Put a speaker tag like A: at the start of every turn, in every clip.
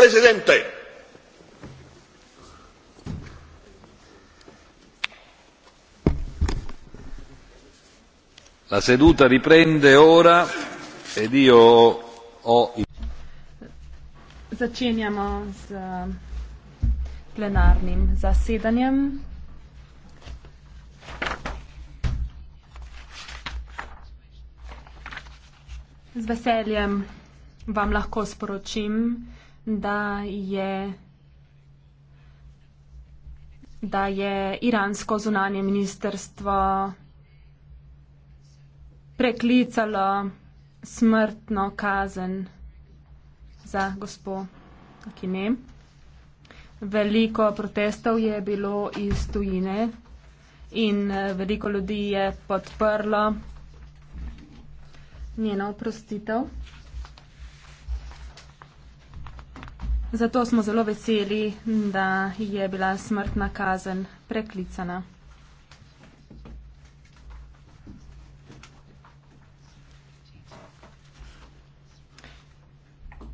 A: presidente. La seduta riprende ora ed io ho il...
B: Začenjamo z eh, plenarnim zasedanjem. Z veseljem vam lahko sporočim, da je, da je iransko zunanje ministrstvo preklicalo smrtno kazen za gospod Kinem. Veliko protestov je bilo iz tujine in eh, veliko ljudi je podprlo njeno oprostitev. Zato smo zelo veseli, da je bila smrtna kazen preklicana.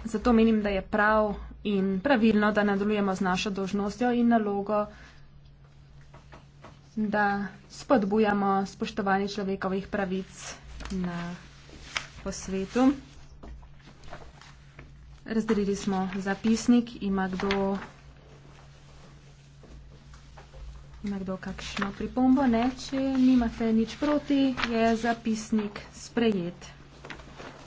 B: Zato menim, da je prav in pravilno, da nadaljujemo z našo dožnostjo in nalogo, da spodbujamo spoštovanje človekovih pravic na posvetu. Razdelili smo zapisnik. Ima kdo, ima kdo kakšno pripombo? Ne, če nimate nič proti, je zapisnik sprejet.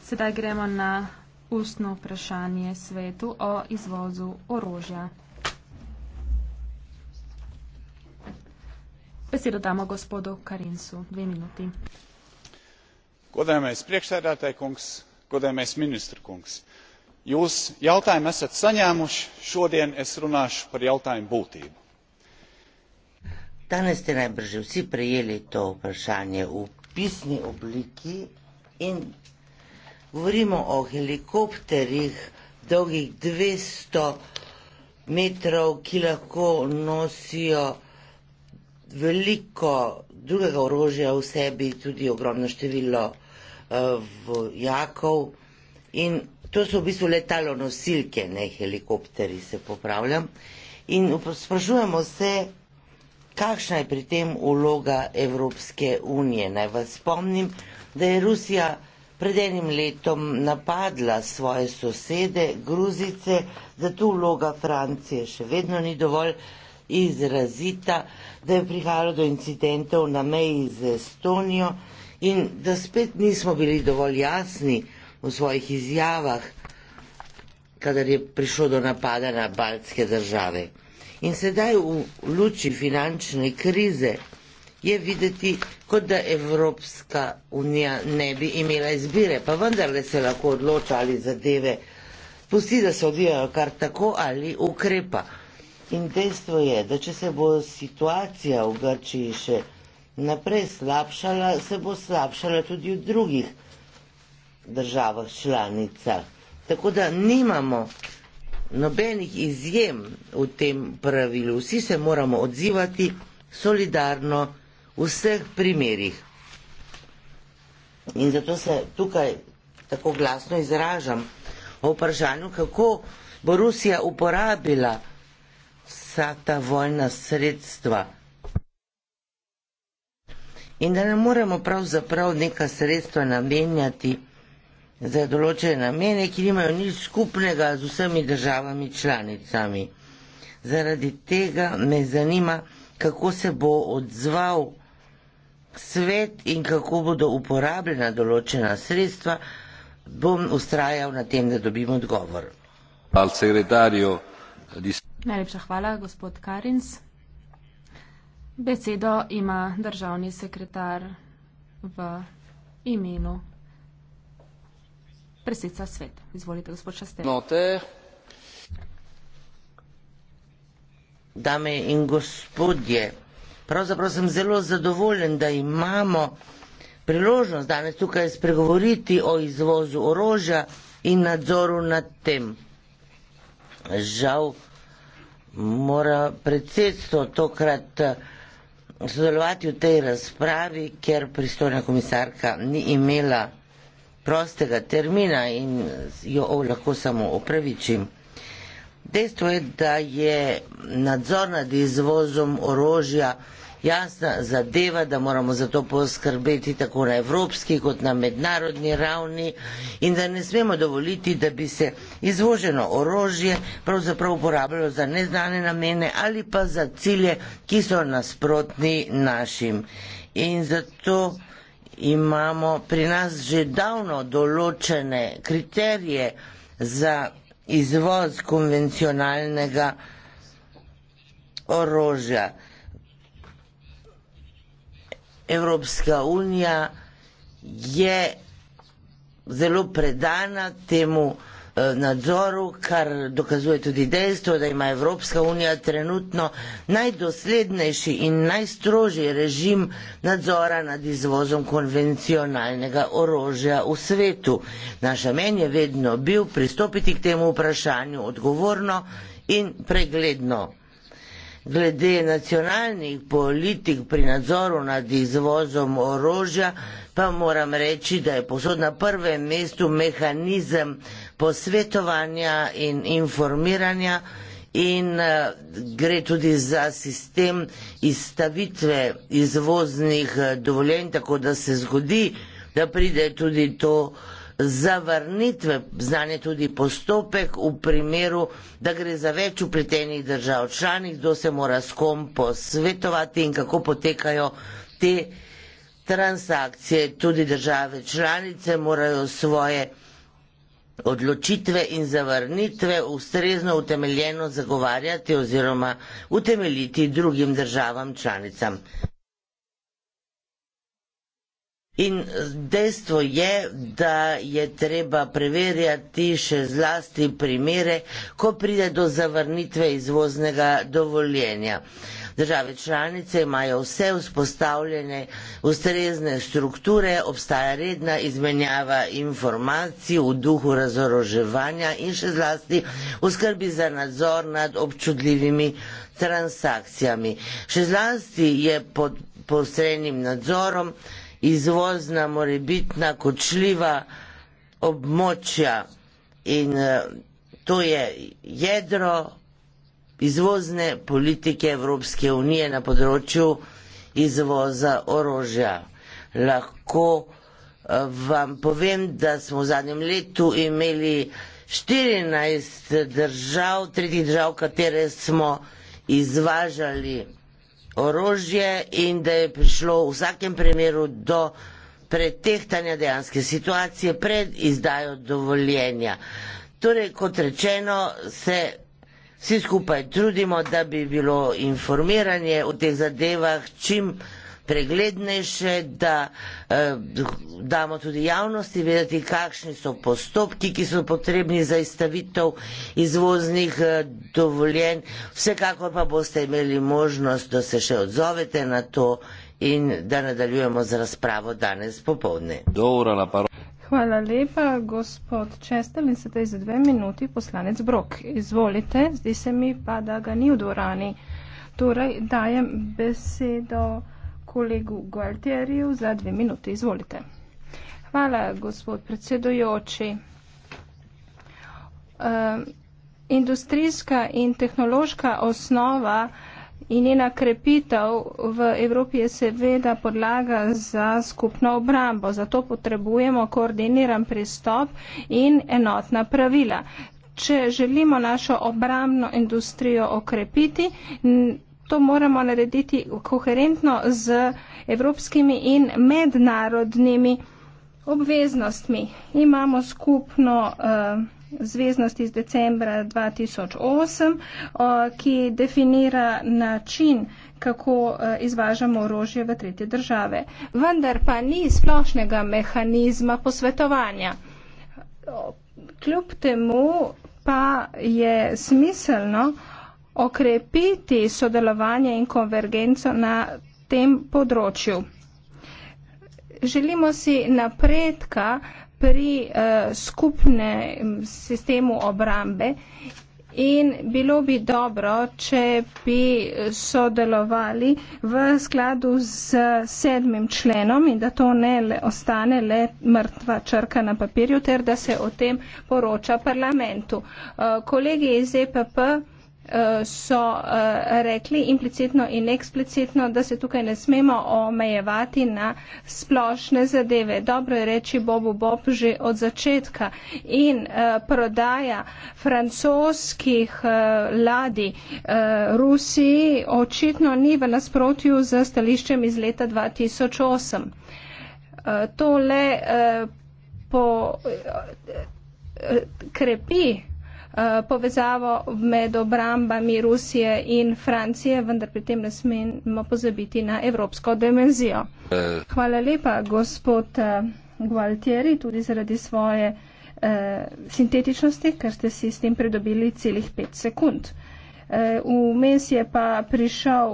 B: Sedaj gremo na ustno vprašanje svetu o izvozu orožja. Besedo damo gospodu Karinsu. Dve minuti.
A: Godajmejs priekšstādātājs kungs, godajmejs ministrs kungs jūs jautājumu esat saņēmuši šodien es runāšu par jautājumu būtību.
C: Danes ste najbrž vsi prejeli to vprašanje v pisni obliki in govorimo o helikopterjih dolgih 200 metrov, ki lahko nosijo veliko drugega orožja v sebi, tudi ogromno število uh, vojakov in To so v bistvu letalo nosilke, ne helikopteri, se popravljam. In sprašujemo se, kakšna je pri tem uloga Evropske unije. Naj vas spomnim, da je Rusija pred enim letom napadla svoje sosede, Gruzice, zato vloga Francije še vedno ni dovolj izrazita, da je prihajalo do incidentov na meji z Estonijo in da spet nismo bili dovolj jasni, v svojih izjavah, kadar je prišlo do napada na baltske države. In sedaj v luči finančne krize je videti, kot da Evropska unija ne bi imela izbire, pa vendarle se lahko odloča ali zadeve pusti, da se odvijajo kar tako ali ukrepa. In dejstvo je, da če se bo situacija v Grčiji še naprej slabšala, se bo slabšala tudi v drugih državah državah članicah. Tako da nimamo nobenih izjem v tem pravilu. Vsi se moramo odzivati solidarno v vseh primerjih. In zato se tukaj tako glasno izražam o vprašanju, kako bo Rusija uporabila vsa ta vojna sredstva. In da ne moremo pravzaprav neka sredstva namenjati za določene namene, ki nimajo nič skupnega z vsemi državami članicami. Zaradi tega me zanima, kako se bo odzval svet in kako bodo uporabljena določena sredstva, bom ustrajal na tem, da dobim odgovor.
A: Najlepša
B: hvala, gospod Karins. Besedo ima državni sekretar v imenu predsednica sveta. Izvolite, gospod Šester.
A: Note.
C: Dame in gospodje, pravzaprav sem zelo zadovoljen, da imamo priložnost danes tukaj spregovoriti o izvozu orožja in nadzoru nad tem. Žal mora predsedstvo tokrat eh, sodelovati v tej razpravi, ker pristojna komisarka ni imela prostega termina in jo lahko samo opravičim. Dejstvo je, da je nadzor nad izvozom orožja jasna zadeva, da moramo za to poskrbeti tako na evropski kot na mednarodni ravni in da ne smemo dovoliti, da bi se izvoženo orožje pravzaprav uporabljalo za neznane namene ali pa za cilje, ki so nasprotni našim. In zato imamo pri nas že davno določene kriterije za izvoz konvencionalnega orožja. Evropska unija je zelo predana temu, da Eh, nadzoru, kar dokazuje tudi dejstvo, da ima Evropska unija trenutno najdoslednejši in najstrožji režim nadzora nad izvozom konvencionalnega orožja v svetu. Naš namen je vedno bil pristopiti k temu vprašanju odgovorno in pregledno glede nacionalnih politik pri nadzoru nad izvozom orožja, pa moram reči, da je posod na prvem mestu mehanizem posvetovanja in informiranja in eh, gre tudi za sistem izstavitve izvoznih eh, dovoljenj, tako da se zgodi, da pride tudi to zavrnitve znanje tudi postopek v primeru, da gre za več upletenih držav članih, kdo se mora s kom posvetovati in kako potekajo te transakcije. Tudi države članice morajo svoje odločitve in zavrnitve ustrezno utemeljeno zagovarjati oziroma utemeljiti drugim državam članicam. In dejstvo je, da je treba preverjati še zlasti primere, ko pride do zavrnitve izvoznega dovoljenja. Države članice imajo vse vzpostavljene ustrezne strukture, obstaja redna izmenjava informacij v duhu razoroževanja in še zlasti v skrbi za nadzor nad občudljivimi transakcijami. Še zlasti je pod posrednim nadzorom izvozna morebitna kočljiva območja in eh, to je jedro izvozne politike Evropske unije na področju izvoza orožja. Lahko eh, vam povem, da smo v zadnjem letu imeli 14 držav, tretjih držav, katere smo izvažali orožje in da je prišlo v vsakem primeru do pretehtanja dejanske situacije pred izdajo dovoljenja. Torej, kot rečeno, se vsi skupaj trudimo, da bi bilo informiranje o teh zadevah čim bolj preglednejše, da eh, damo tudi javnosti vedeti, kakšni so postopki, ki so potrebni za izstavitev izvoznih eh, dovoljenj. Vsekakor pa boste imeli možnost, da se še odzovete na to in da nadaljujemo z razpravo danes popovdne.
D: Hvala lepa, gospod Čestel in sedaj za dve minuti poslanec Brok. Izvolite, zdi se mi pa, da ga ni v dvorani. Torej, dajem besedo kolegu Gualtieriju za dve minute. Izvolite. Hvala, gospod predsedojoči. Uh, industrijska in tehnološka osnova in njena krepitev v Evropi je seveda podlaga za skupno obrambo. Zato potrebujemo koordiniran pristop in enotna pravila. Če želimo našo obrambno industrijo okrepiti, to moramo narediti koherentno z evropskimi in mednarodnimi obveznostmi. Imamo skupno uh, zveznost iz decembra 2008, uh, ki definira način, kako eh, izvažamo orožje v tretje države. Vendar pa ni splošnega mehanizma posvetovanja. Kljub temu pa je smiselno, uh, okrepiti sodelovanje in konvergenco na tem področju. Želimo si napredka pri uh, skupnem sistemu obrambe in bilo bi dobro, če bi sodelovali v skladu z sedmim členom in da to ne le, ostane le mrtva črka na papirju, ter da se o tem poroča parlamentu. Uh, kolegi iz EPP so eh, rekli implicitno in eksplicitno, da se tukaj ne smemo omejevati na splošne zadeve. Dobro je reči Bobu Bob že od začetka in eh, prodaja francoskih eh, ladi Rusiji očitno ni v nasprotju z stališčem iz leta 2008. Tole po, krepi Eh, povezavo med obrambami Rusije in Francije, vendar pri tem ne smemo pozabiti na evropsko dimenzijo. Eh. Hvala lepa, gospod eh, Gualtieri, tudi zaradi svoje eh, sintetičnosti, ker ste si s tem pridobili celih pet sekund. Vmes je pa prišel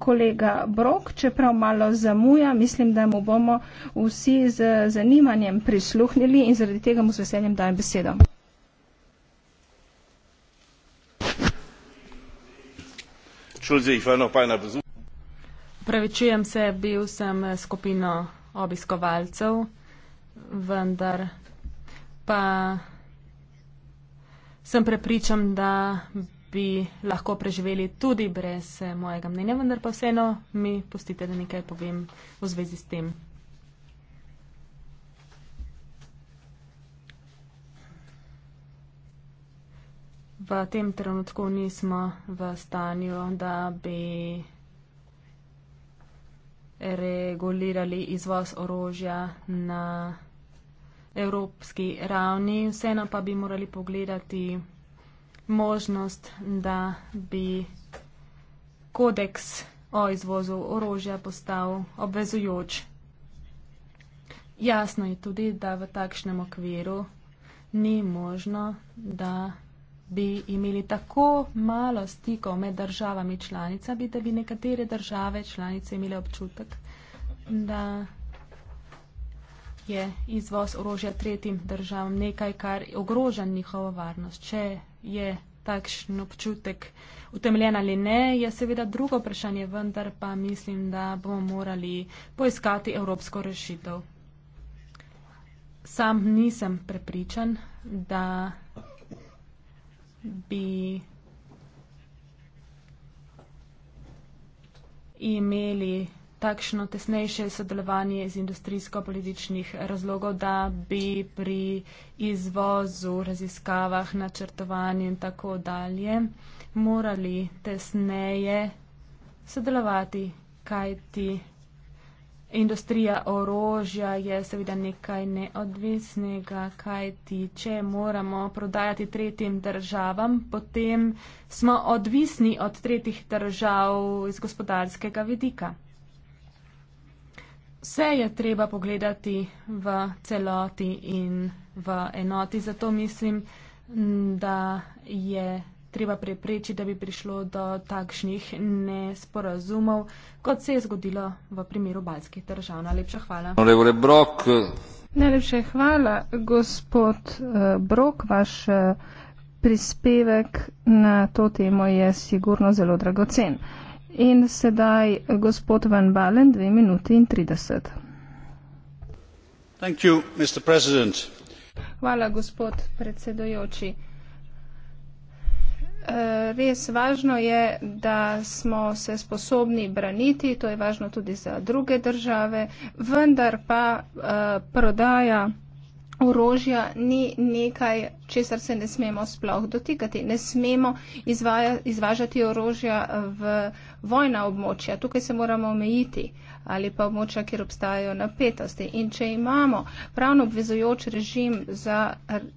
D: kolega Brok, čeprav malo zamuja, mislim, da mu bomo vsi z zanimanjem prisluhnili in zaradi tega mu z veseljem dajem besedo.
A: Schulze, ich war noch bei einer Besuch.
B: Prevečujem se, bil sem skupino obiskovalcev, vendar pa sem prepričan, da bi lahko preživeli tudi brez eh, mojega mnenja, vendar pa vseeno mi pustite, da nekaj povem v zvezi s tem. v tem trenutku nismo v stanju, da bi regulirali izvoz orožja na evropski ravni. Vseeno pa bi morali pogledati možnost, da bi kodeks o izvozu orožja postal obvezujoč. Jasno je tudi, da v takšnem okviru ni možno, da bi imeli tako malo stikov med državami članicami, da bi nekatere države članice imele občutek, da je izvoz orožja tretjim državam nekaj, kar ogroža njihovo varnost. Če je takšen občutek utemljen ali ne, je seveda drugo vprašanje, vendar pa mislim, da bomo morali poiskati evropsko rešitev. Sam nisem prepričan, da bi imeli takšno tesnejše sodelovanje iz industrijsko-političnih razlogov, da bi pri izvozu, raziskavah, načrtovanju in tako dalje morali tesneje sodelovati, kajti industrija orožja je seveda nekaj neodvisnega, kaj ti, če moramo prodajati tretjim državam, potem smo odvisni od tretjih držav iz gospodarskega vidika. Vse je treba pogledati v celoti in v enoti, zato mislim, da je treba preprečiti, da bi prišlo do takšnih nesporazumov, kot se je zgodilo v primeru balskih držav. Najlepša
A: hvala.
D: Najlepše hvala, gospod eh, Brok. Vaš eh, prispevek na to temo je sigurno zelo dragocen. In sedaj eh, gospod Van Balen, 2 minuti in 30. Hvala, gospod predsedojoči. Eh, res važno je, da smo se sposobni braniti, to je važno tudi za druge države, vendar pa eh, prodaja orožja ni nekaj, česar se ne smemo sploh dotikati. Ne smemo izvaja, izvažati orožja v vojna območja. Tukaj se moramo omejiti ali pa območja, kjer obstajajo napetosti. In če imamo pravno obvezujoč režim za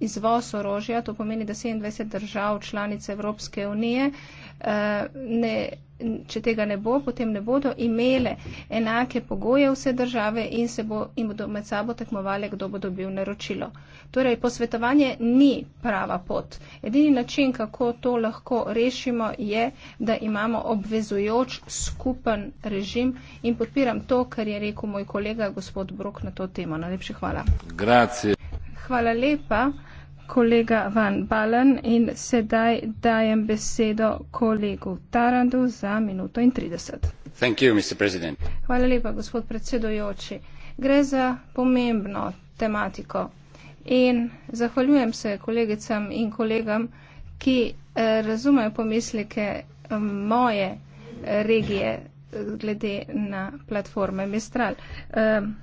D: izvoz orožja, to pomeni, da 27 držav članice Evropske unije eh, ne če tega ne bo, potem ne bodo imele enake pogoje vse države in se bo, in bodo med sabo tekmovali, kdo bo dobil naročilo. Torej, posvetovanje ni prava pot. Edini način, kako to lahko rešimo, je, da imamo obvezujoč skupen režim in podpiram to, kar je rekel moj kolega gospod Brok na to temo. Najlepše hvala. Grazie. Hvala lepa kolega Van Balen in sedaj dajem besedo kolegu Tarandu za minuto in 30.
A: Thank you, Mr.
D: Hvala lepa, gospod predsedujoči. Gre za pomembno tematiko in zahvaljujem se kolegicam in kolegam, ki eh, razumejo pomislike eh, moje regije eh, glede na platforme Mistral. Um,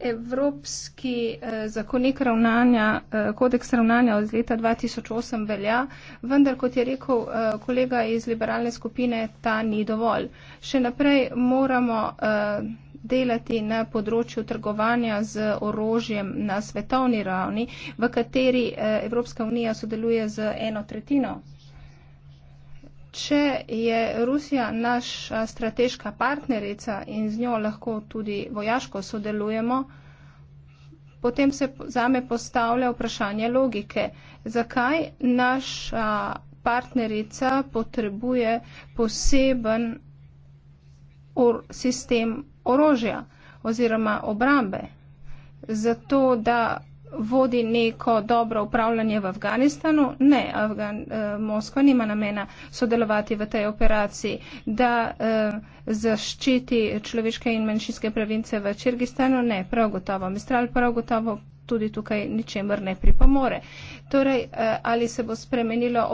D: Evropski eh, zakonik ravnanja, eh, kodeks ravnanja od leta 2008 velja, vendar, kot je rekel eh, kolega iz liberalne skupine, ta ni dovolj. Še naprej moramo delati na področju trgovanja z orožjem na svetovni ravni, v kateri Evropska unija sodeluje z eno tretjino Če je Rusija naš strateška partnerica in z njo lahko tudi vojaško sodelujemo, potem se zame postavlja vprašanje logike, zakaj naša partnerica potrebuje poseben or sistem orožja oziroma obrambe, zato da vodi neko dobro upravljanje v Afganistanu. Ne, Afgan, eh, Moskva nima namena sodelovati v tej operaciji, da eh, zaščiti človeške in manjšinske province v Čirgistanu. Ne, prav gotovo. Mistral prav gotovo tudi tukaj ničemer ne pripomore. Torej, eh, ali se bo spremenila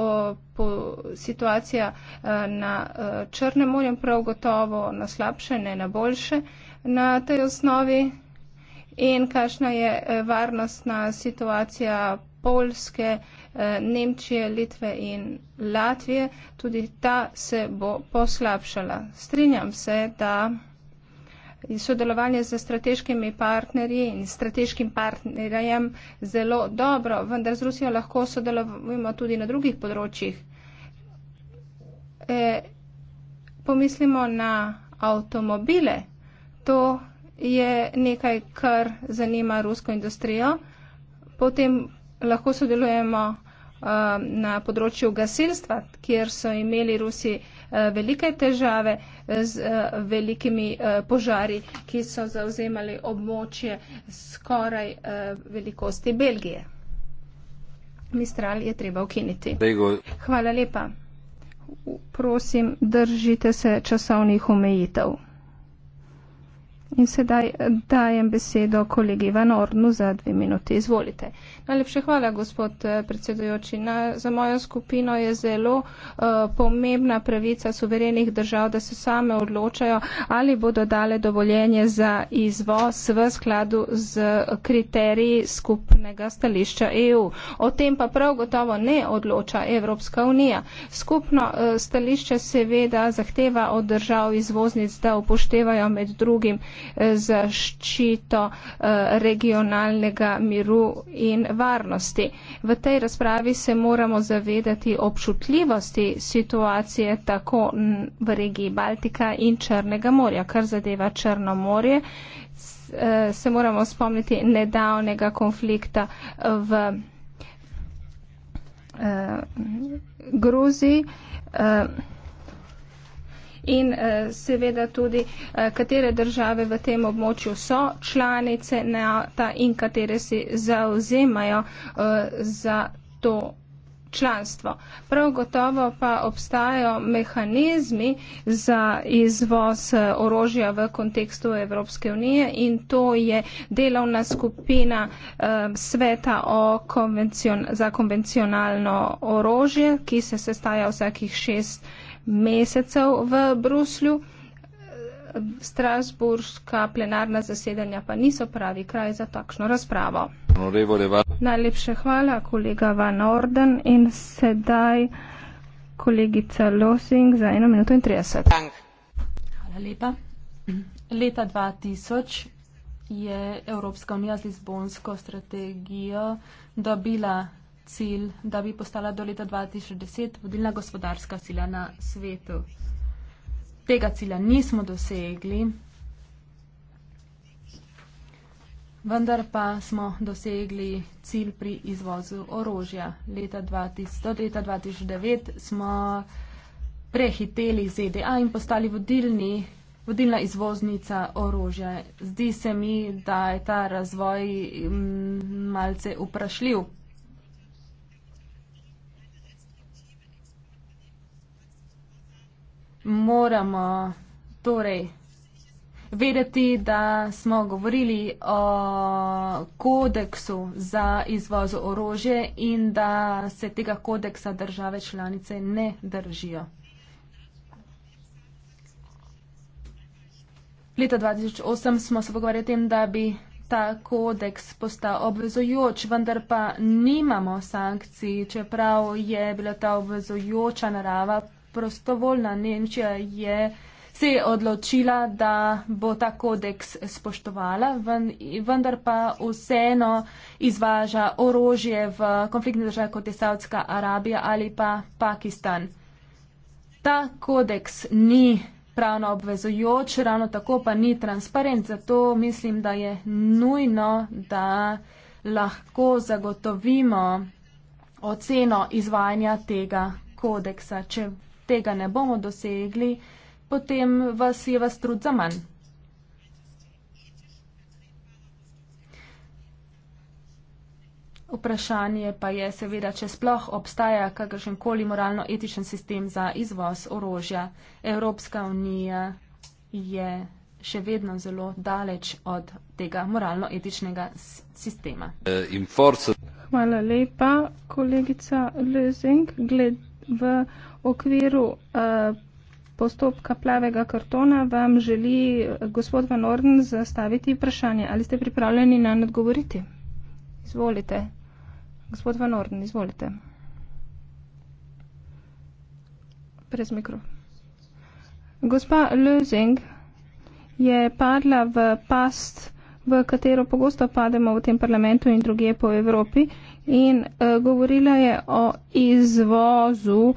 D: situacija eh, na eh, Črnem morju, prav gotovo na slabše, ne na boljše na tej osnovi in kakšna je eh, varnostna situacija Polske, eh, Nemčije, Litve in Latvije. Tudi ta se bo poslabšala. Strinjam se, da sodelovanje z strateškimi partnerji in strateškim partnerjem zelo dobro, vendar z Rusijo lahko sodelujemo tudi na drugih področjih. E, pomislimo na avtomobile. To je nekaj, kar zanima rusko industrijo. Potem lahko sodelujemo um, na področju gasilstva, kjer so imeli Rusi uh, velike težave z uh, velikimi uh, požari, ki so zauzemali območje skoraj velikosti Belgije. Mistral je treba ukiniti. Hvala lepa. Prosim, držite se časovnih omejitev. In sedaj dajem besedo kolegi Van Ornu za dve minuti. Izvolite. Najlepša hvala, gospod eh, predsedujoči. Na, za mojo skupino je zelo uh, pomembna pravica suverenih držav, da se same odločajo, ali bodo dale dovoljenje za izvoz v skladu z kriteriji skupnega stališča EU. O tem pa prav gotovo ne odloča Evropska unija. Skupno uh, stališče seveda zahteva od držav izvoznic, da upoštevajo med drugim uh, zaščito uh, regionalnega miru in varnosti. V tej razpravi se moramo zavedati občutljivosti situacije tako v regiji Baltika in Črnega morja, kar zadeva Črno morje. Eh, se moramo spomniti nedavnega konflikta v eh, Gruziji. Eh, in eh, seveda tudi, eh, katere države v tem območju so članice NATO in katere si zauzemajo eh, za to članstvo. Prav gotovo pa obstajajo mehanizmi za izvoz orožja v kontekstu Evropske unije in to je delovna skupina sveta konvencion za konvencionalno orožje, ki se sestaja vsakih šest mesecev v Bruslju. Strasburška plenarna zasedanja pa niso pravi kraj za takšno razpravo. Najlepše hvala, kolega Van Orden. In sedaj kolegica Losing za 1 minuto in 30. Hvala
B: lepa. Leta 2000 je Evropska unija z Lizbonsko strategijo dobila cilj, da bi postala do leta 2010 vodilna gospodarska sila na svetu. Tega cilja nismo dosegli, vendar pa smo dosegli cilj pri izvozu orožja. Leta 2000, do leta 2009 smo prehiteli ZDA in postali vodilni, vodilna izvoznica orožja. Zdi se mi, da je ta razvoj mm, malce vprašljiv. moramo torej vedeti, da smo govorili o kodeksu za izvozo orože in da se tega kodeksa države članice ne držijo. Leta 2008 smo se pogovarjali o tem, da bi ta kodeks postal obvezujoč, vendar pa nimamo sankcij, čeprav je bila ta obvezujoča narava prostovoljna Nemčija je se je odločila, da bo ta kodeks spoštovala, vendar pa vseeno izvaža orožje v konfliktne države, kot je Saudska Arabija ali pa Pakistan. Ta kodeks ni pravno obvezojoč, ravno tako pa ni transparent, zato mislim, da je nujno, da lahko zagotovimo oceno izvajanja tega kodeksa. Če tega ne bomo dosegli, potem vas je vas trud za manj. Vprašanje pa je seveda, če sploh obstaja kakršenkoli moralno-etičen sistem za izvoz orožja. Evropska unija je še vedno zelo daleč od tega moralno-etičnega sistema.
A: Eh,
B: Hvala lepa, kolegica Lezing. Gled, v okviru eh,
D: postopka plavega kartona vam želi eh, gospod Van Orden zastaviti vprašanje. Ali ste pripravljeni na odgovoriti? Izvolite. Gospod Van Orden, izvolite. Prez mikro. Gospa Lözing je padla v past vprašanje v katero pogosto pademo v tem parlamentu in druge po Evropi. In uh, govorila je o izvozu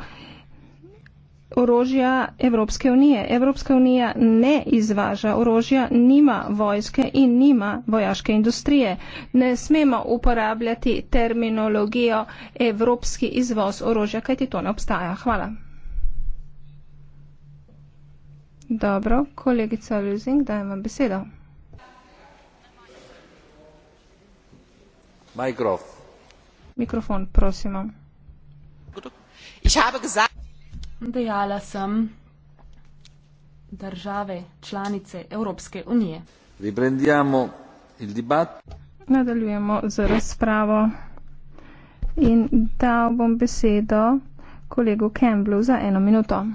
D: orožja Evropske unije. Evropska unija ne izvaža orožja, nima vojske in nima vojaške industrije. Ne smemo uporabljati terminologijo evropski izvoz orožja, kajti to ne obstaja. Hvala. Dobro, kolegica Luzing, dajem vam besedo.
B: Dejala sem države članice Evropske unije. Nadaljujemo
D: z razpravo in dal bom besedo kolegu Campbellu za eno minuto.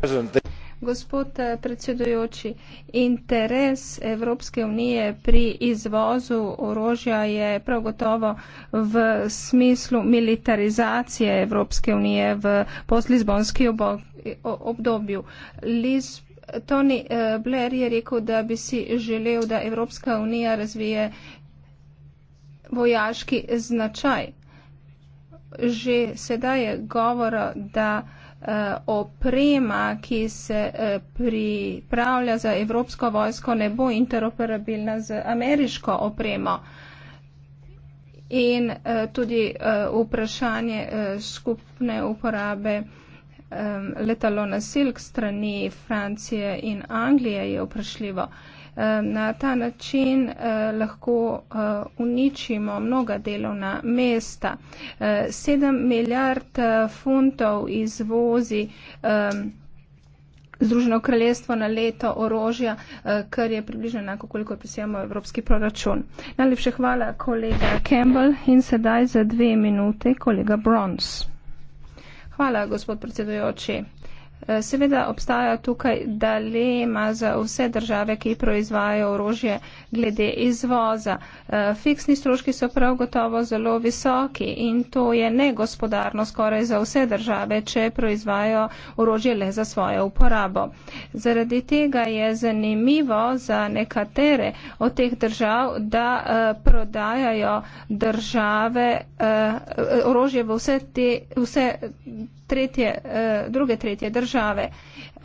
D: President, Gospod eh, predsedujoči, interes Evropske unije pri izvozu orožja je prav gotovo v smislu militarizacije Evropske unije v postlizbonski obdobju. Liz Tony eh, Blair je rekel, da bi si želel, da Evropska unija razvije vojaški značaj. Že sedaj je govora, da uh, oprema, ki se uh, pripravlja za Evropsko vojsko, ne bo interoperabilna z ameriško opremo. In uh, tudi uh, vprašanje uh, skupne uporabe um, letalo nasilk strani Francije in Anglije je vprašljivo. Uh, Eh, na ta način eh, lahko eh, uničimo mnoga delovna mesta. 7 milijard funtov izvozi Združeno kraljestvo na leto orožja, kar je približno enako, koliko prisijamo evropski proračun. Najlepše hvala kolega Campbell in sedaj za dve minute kolega Bronze. Hvala, gospod predsedujoči. Seveda obstaja tukaj dilema za vse države, ki proizvajajo orožje glede izvoza. Eh, fiksni stroški so prav gotovo zelo visoki in to je negospodarno skoraj za vse države, če proizvajajo orožje le za svojo uporabo. Zaradi tega je zanimivo za nekatere od teh držav, da eh, prodajajo države eh, orožje v vse te države tretje, uh, druge tretje države. Uh,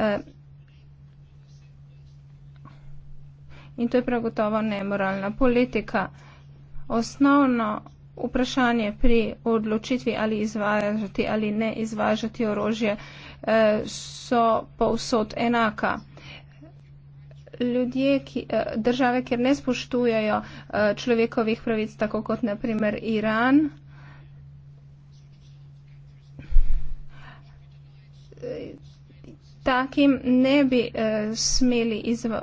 D: in to je prav gotovo nemoralna politika. Osnovno vprašanje pri odločitvi ali izvažati ali ne izvažati orožje eh, so povsod enaka. Ljudje, ki, države, kjer ne spoštujejo človekovih pravic, tako kot naprimer Iran, takim ne bi uh, smeli izva,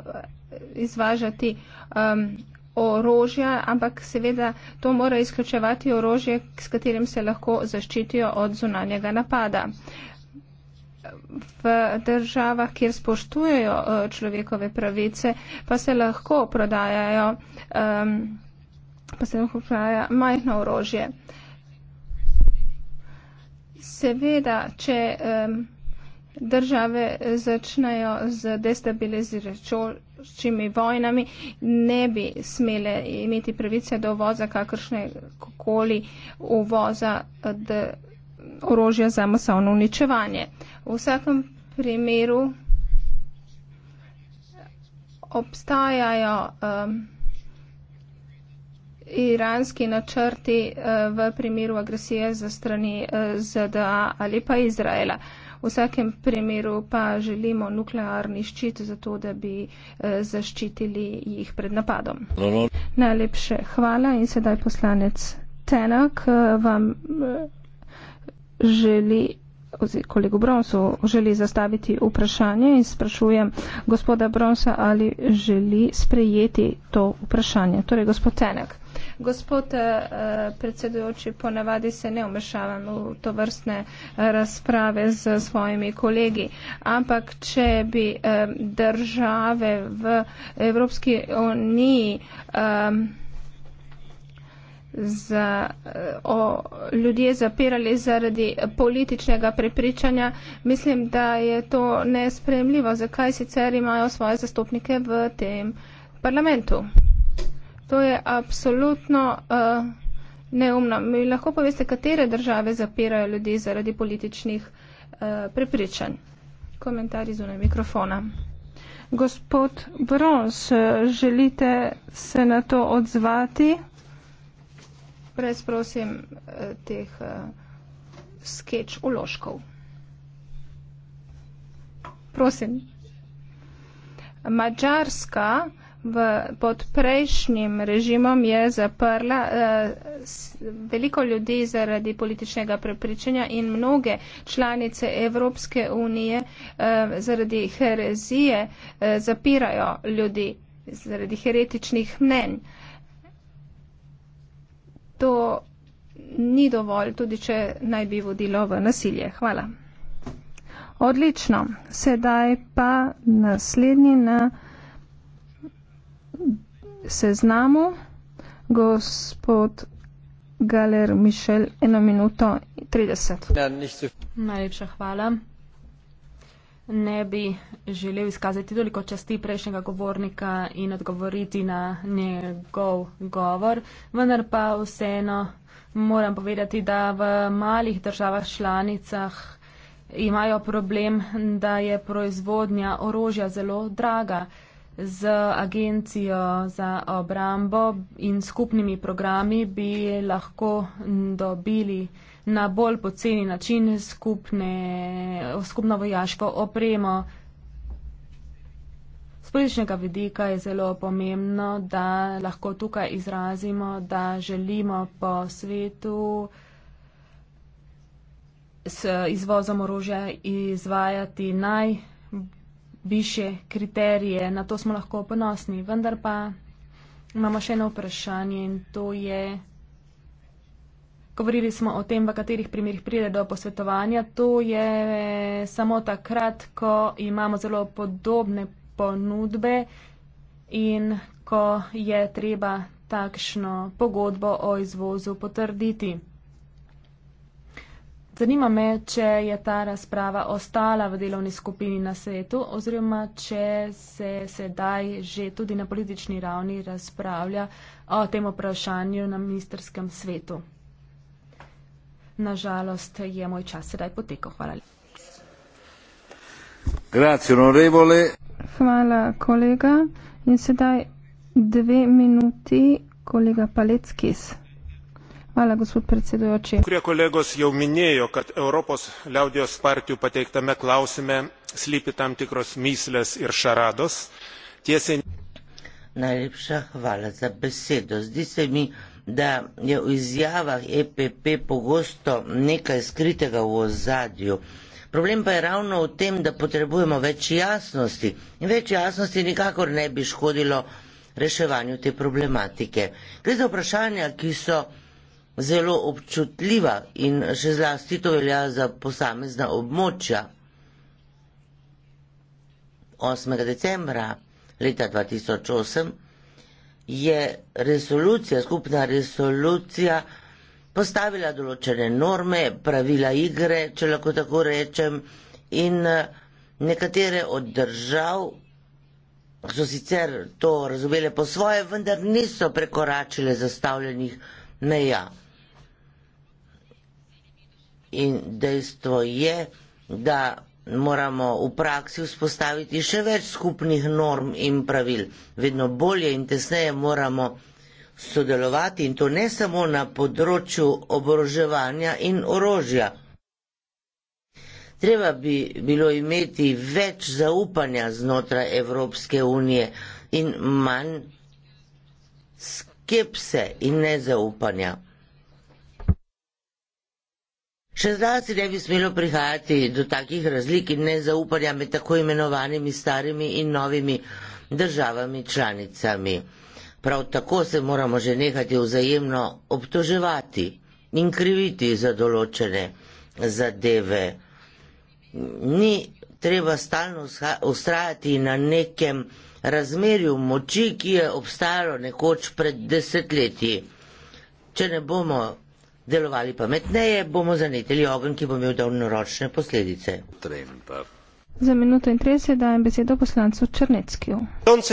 D: izvažati um, orožja, ampak seveda to mora izključevati orožje, s katerim se lahko zaščitijo od zunanjega napada. V državah, kjer spoštujejo eh, človekove pravice, pa se lahko prodajajo, um, pa se lahko prodaja majhno orožje. Seveda, če um, države eh, začnejo z destabilizirajočimi vojnami, ne bi smele imeti pravice do uvoza kakršne koli uvoza eh, orožja za masovno uničevanje. V vsakem primeru eh, obstajajo um, iranski načrti uh, v primeru agresije za strani uh, ZDA ali pa Izraela. Uh, V vsakem primeru pa želimo nuklearni ščit, zato da bi eh, zaščitili jih pred napadom. No, no. Najlepše hvala in sedaj poslanec Tenak eh, vam eh, želi kolegu Bronsu želi zastaviti vprašanje in sprašujem gospoda Bronsa, ali želi sprejeti to vprašanje. Torej, gospod Tenek. Gospod uh, predsedujoči, ponavadi se ne omešavam v to vrstne uh, eh, razprave z svojimi kolegi, ampak če bi um, države v Evropski uniji um, Z, o, ljudje zapirali zaradi političnega prepričanja. Mislim, da je to nespremljivo, zakaj sicer imajo svoje zastopnike v tem parlamentu. To je absolutno uh, neumno. Mi lahko poveste, katere države zapirajo ljudi zaradi političnih uh, prepričanj. Komentari zunaj mikrofona. Gospod Brons, želite se na to odzvati? Prej prosim eh, teh uh, skeč uložkov. Prosim. Mačarska v, pod prejšnjim režimom je zaprla eh, veliko ljudi zaradi političnega prepričanja in mnoge članice Evropske unije eh, zaradi herezije eh, zapirajo ljudi zaradi heretičnih mnen. To ni dovolj, tudi če naj bi vodilo v nasilje. Hvala. Odlično. Sedaj pa naslednji na seznamu. Gospod Galer Mišel, eno minuto in
B: 30. Ja, Najlepša hvala. Ne bi želel izkazati toliko časti prejšnjega govornika in odgovoriti na njegov govor, vendar pa vseeno moram povedati, da v malih državah članicah imajo problem, da je proizvodnja orožja zelo draga z agencijo za obrambo in skupnimi programi bi lahko dobili na bolj poceni način skupne, skupno vojaško opremo. Z političnega vidika je zelo pomembno, da lahko tukaj izrazimo, da želimo po svetu s izvozom orožja izvajati naj više kriterije, na to smo lahko ponosni. Vendar pa imamo še eno vprašanje in to je, govorili smo o tem, v katerih primerjih pride do posvetovanja, to je eh, samo takrat, ko imamo zelo podobne ponudbe in ko je treba takšno pogodbo o izvozu potrditi. Zanima me, če je ta razprava ostala v delovni skupini na svetu oziroma če se sedaj že tudi na politični ravni razpravlja o tem vprašanju na ministerskem svetu. Nažalost je moj čas sedaj potekel. Hvala.
D: Hvala, kolega. In sedaj dve minuti, kolega Paleckis. Hvala, gospod predsedujoči.
A: Kurie kolegos jau minėjo, kad Europos liaudijos partijų pateiktame klausime slypi tam tikros myslės ir šarados. Tiesiai.
C: Najlepša hvala za besedo. Zdi se mi, da je v izjavah EPP pogosto nekaj skritega v ozadju. Problem pa je ravno v tem, da potrebujemo več jasnosti in več jasnosti nikakor ne bi škodilo reševanju te problematike. Gre za vprašanja, ki so zelo občutljiva in še zlasti to velja za posamezna območja. 8. decembra leta 2008 je resolucija, skupna resolucija postavila določene norme, pravila igre, če lahko tako rečem, in eh, nekatere od držav so sicer to razumele po svoje, vendar niso prekoračile zastavljenih meja in dejstvo je, da moramo v praksi vzpostaviti še več skupnih norm in pravil. Vedno bolje in tesneje moramo sodelovati in to ne samo na področju oboroževanja in orožja. Treba bi bilo imeti več zaupanja znotraj Evropske unije in manj skepse in nezaupanja. Še zlasti ne bi smelo prihajati do takih razlik in nezaupanja med tako imenovanimi starimi in novimi državami članicami. Prav tako se moramo že nehati vzajemno obtoževati in kriviti za določene zadeve. Ni treba stalno ustrajati na nekem razmerju moči, ki je obstajalo nekoč pred desetletji. Če ne bomo delovali pametneje, bomo zanetili ogenj, ki bo imel dolgoročne posledice. Trenta.
D: Za minuto in 30 dajem besedo poslancu Črneckiju.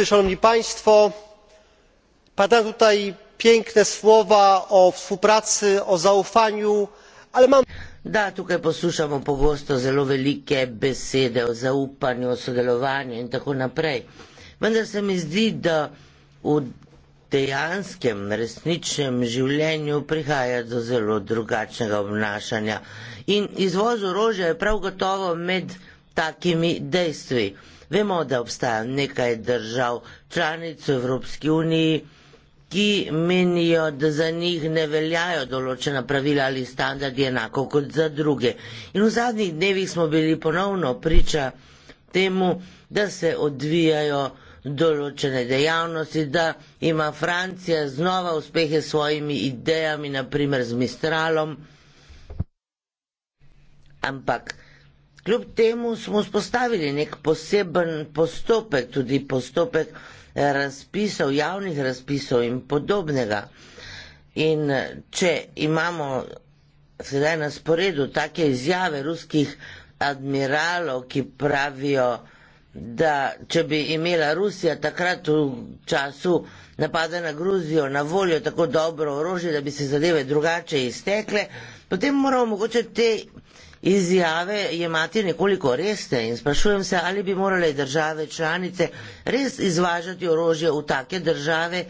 A: Šanowni państwo, padają tutaj piękne słowa o współpracy, o zaufaniu,
C: ale mam. Da, tukaj poslušamo pogosto zelo velike besede o zaupanju, o sodelovanju in tako naprej. Vendar se mi zdi, da v dejanskem, resničnem življenju prihaja do zelo drugačnega obnašanja. In izvoz orožja je prav gotovo med takimi dejstvi. Vemo, da obstaja nekaj držav, članic v Evropski uniji, ki menijo, da za njih ne veljajo določena pravila ali standardi enako kot za druge. In v zadnjih dnevih smo bili ponovno priča temu, da se odvijajo določene dejavnosti, da ima Francija znova uspehe s svojimi idejami, naprimer z Mistralom. Ampak kljub temu smo spostavili nek poseben postopek, tudi postopek razpisov, javnih razpisov in podobnega. In če imamo sedaj na sporedu take izjave ruskih admiralov, ki pravijo, da če bi imela Rusija takrat v času napada na Gruzijo na voljo tako dobro orožje, da bi se zadeve drugače iztekle, potem moramo mogoče te izjave jemati nekoliko resne in sprašujem se, ali bi morale države članice res izvažati orožje v take države,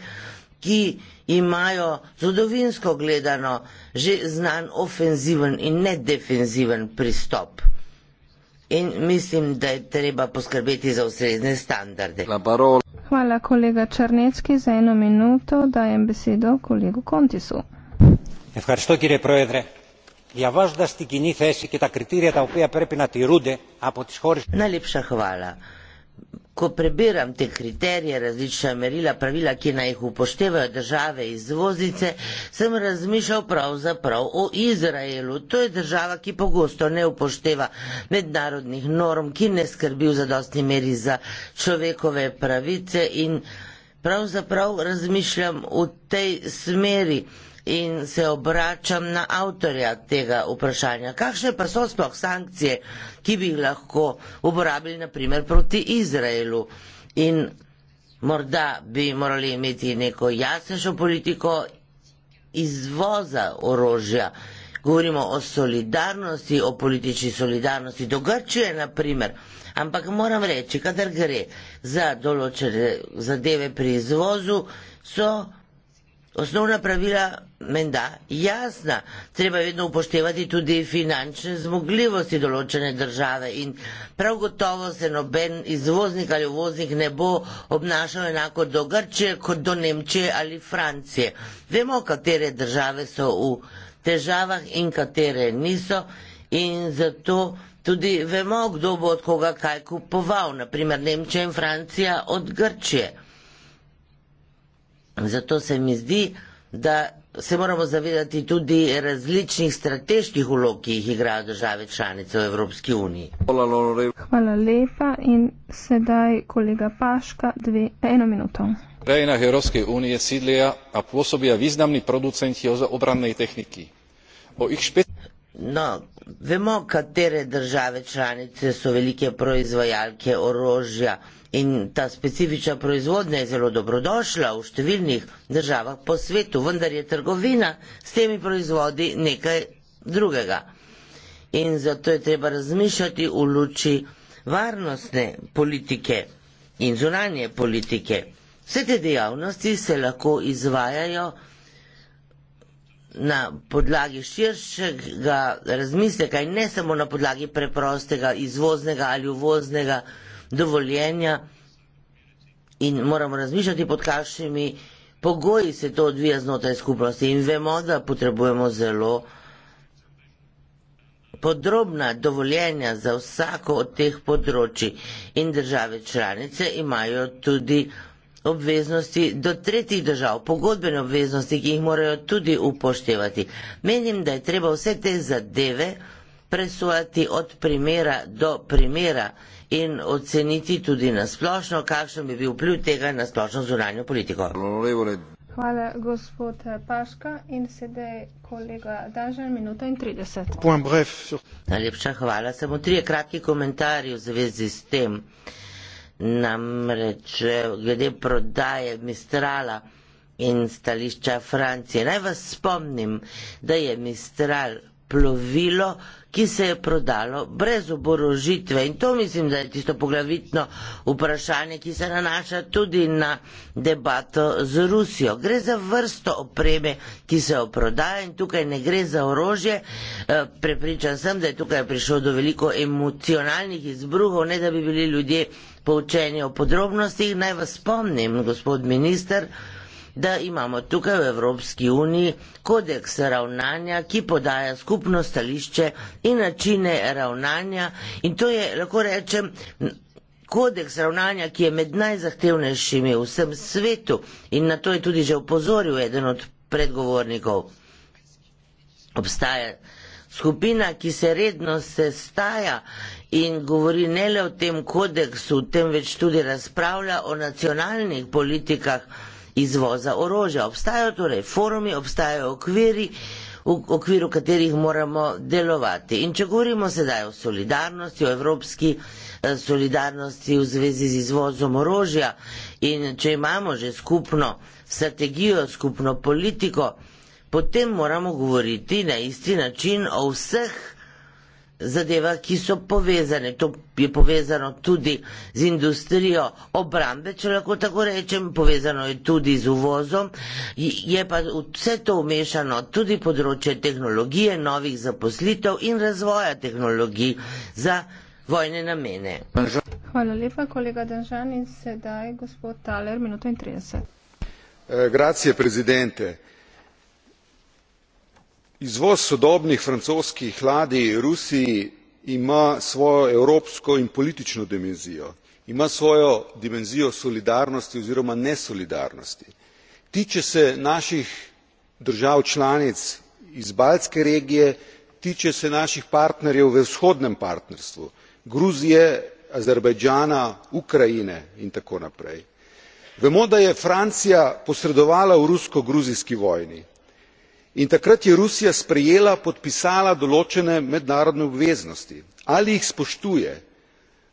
C: ki imajo zgodovinsko gledano že znan ofenziven in nedefenziven pristop in mislim, da je treba poskrbeti za ustrezne standarde.
D: Hvala kolega Črnecki za eno minuto, dajem besedo kolegu Kontisu.
C: Ja Najlepša hvala ko preberam te kriterije, različna merila, pravila, ki naj jih upoštevajo države izvoznice, sem razmišljal pravzaprav o Izraelu. To je država, ki pogosto ne upošteva mednarodnih norm, ki ne skrbi v zadostni meri za človekove pravice in pravzaprav razmišljam v tej smeri in se obračam na avtorja tega vprašanja. Kakšne pa so sploh sankcije, ki bi jih lahko uporabili naprimer proti Izraelu? In morda bi morali imeti neko jasnejšo politiko izvoza orožja. Govorimo o solidarnosti, o politični solidarnosti do Grčije, naprimer. Ampak moram reči, kadar gre za določene zadeve pri izvozu, so Osnovna pravila, menda, jasna, treba vedno upoštevati tudi finančne zmogljivosti določene države in prav gotovo se noben izvoznik ali uvoznik ne bo obnašal enako do Grčije kot do Nemčije ali Francije. Vemo, katere države so v težavah in katere niso in zato tudi vemo, kdo bo od koga kaj kupoval, naprimer Nemčija in Francija od Grčije. Zato se mi zdi, da se moramo zavedati tudi različnih strateških ulog, ki jih igrajo države članice v Evropski uniji.
D: Hvala lepa in sedaj kolega Paška, dve, eno minuto.
A: Kraje na Európskej únie sídlia a pôsobia významní producenti obrannej techniky. O ich špe... No,
C: vemo, katere države članice sú veľké proizvajalke orožia. In ta specifična proizvodnja je zelo dobrodošla v številnih državah po svetu, vendar je trgovina s temi proizvodi nekaj drugega. In zato je treba razmišljati v luči varnostne politike in zunanje politike. Vse te dejavnosti se lahko izvajajo na podlagi širšega razmisleka in ne samo na podlagi preprostega izvoznega ali uvoznega dovoljenja in moramo razmišljati, pod kakšnimi pogoji se to odvija znotraj skupnosti. In vemo, da potrebujemo zelo podrobna dovoljenja za vsako od teh področji. In države članice imajo tudi obveznosti do tretjih držav, pogodbene obveznosti, ki jih morajo tudi upoštevati. Menim, da je treba vse te zadeve presojati od primera do primera in oceniti tudi nasplošno, kakšen bi bil vpliv tega nasplošno zunanjo politiko.
D: Hvala, gospod eh, Paška. In sedaj kolega Dažen, minuta in 30.
C: Najlepša hvala. Samo tri kratki komentarji v zvezi s tem. Namreč eh, glede prodaje Mistrala in stališča Francije. Naj vas spomnim, da je Mistral plovilo, ki se je prodalo brez oborožitve. In to mislim, da je tisto poglavitno vprašanje, ki se nanaša tudi na debato z Rusijo. Gre za vrsto opreme, ki se jo prodaja in tukaj ne gre za orožje. Eh, prepričan sem, da je tukaj prišlo do veliko emocionalnih izbruhov, ne da bi bili ljudje poučeni o podrobnostih. Naj vas spomnim, gospod minister, da imamo tukaj v Evropski uniji kodeks ravnanja, ki podaja skupno stališče in načine ravnanja. In to je, lahko rečem, kodeks ravnanja, ki je med najzahtevnejšimi v vsem svetu in na to je tudi že upozoril eden od predgovornikov. Obstaja skupina, ki se redno sestaja in govori ne le o tem kodeksu, temveč tudi razpravlja o nacionalnih politikah, izvoza orožja. Obstajajo torej forumi, obstajajo okviri, v okviru katerih moramo delovati. In če govorimo sedaj o solidarnosti, o evropski eh, solidarnosti v zvezi z izvozom orožja in če imamo že skupno strategijo, skupno politiko, potem moramo govoriti na isti način o vseh zadeva, ki so povezane. To je povezano tudi z industrijo obrambe, če lahko tako rečem, povezano je tudi z uvozom. Je pa vse to umešano tudi področje tehnologije, novih zaposlitev in razvoja tehnologij za vojne namene.
D: Hvala lepa, kolega Danžan. In sedaj gospod Taler, minuto in 30.
A: Eh, grazie, predsedente. Eh, izvoz sodobnih francoskih ladij rusiji ima svojo evropsko in politično dimenzijo ima svojo dimenzijo solidarnosti oziroma nesolidarnosti tiče se naših držav članic iz baltske regije tiče se naših partnerjev v vzhodnem partnerstvu gruzije azerbajdžana ukrajine in tako naprej. vemo da je francija posredovala v rusko gruzijski vojni in takrat je rusija sprejela podpisala določene mednarodne obveznosti ali jih spoštuje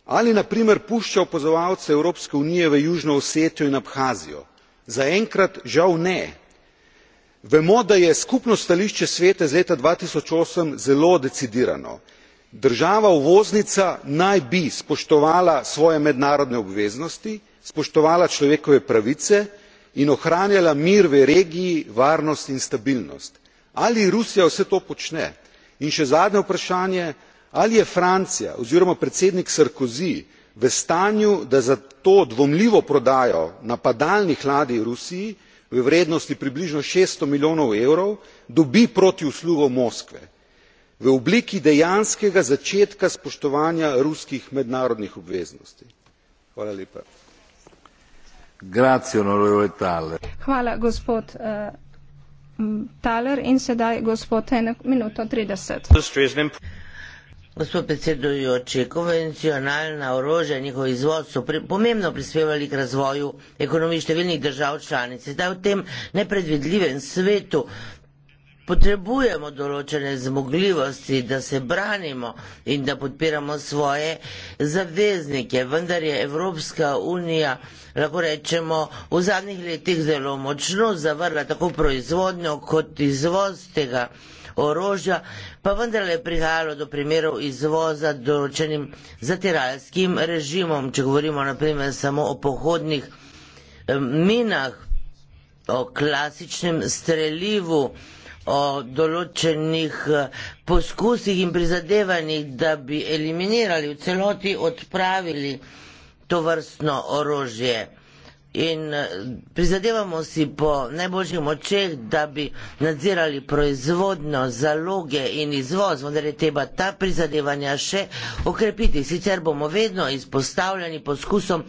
A: ali na primer pušča opazovalce evropske unije v južno osetijo in abhazijo zaenkrat žal ne vemo da je skupno stališče sveta iz leta dva tisoč osem zelo decidirano država uvoznica naj bi spoštovala svoje mednarodne obveznosti spoštovala človekove pravice in ohranjala mir v regiji varnost in stabilnost. ali rusija vse to počne? in še zadnje vprašanje ali je francija oziroma predsednik sarkozy v stanju da za to dvomljivo prodajo napadalnih ladij rusiji v vrednosti približno šeststo milijonov evrov dobi protiuslugo moskve v obliki dejanskega začetka spoštovanja ruskih mednarodnih obveznosti?
D: Hvala, gospod uh, eh, Taler. In sedaj, gospod, eno minuto
C: 30. Gospod predsedujoči, konvencionalna orožja in njihov izvoz so pri, pomembno prispevali k razvoju ekonomij številnih držav članic. Zdaj v tem nepredvidljivem svetu potrebujemo določene zmogljivosti, da se branimo in da podpiramo svoje zaveznike, vendar je Evropska unija, lahko rečemo, v zadnjih letih zelo močno zavrla tako proizvodnjo kot izvoz tega orožja, pa vendar je prihajalo do primerov izvoza določenim zatiralskim režimom, če govorimo naprimer samo o pohodnih eh, minah, o klasičnem strelivu, o določenih eh, poskusih in prizadevanjih, da bi eliminirali v celoti, odpravili to vrstno orožje. In eh, prizadevamo si po najboljših močeh, da bi nadzirali proizvodno, zaloge in izvoz, vendar je treba ta prizadevanja še okrepiti. Sicer bomo vedno izpostavljeni poskusom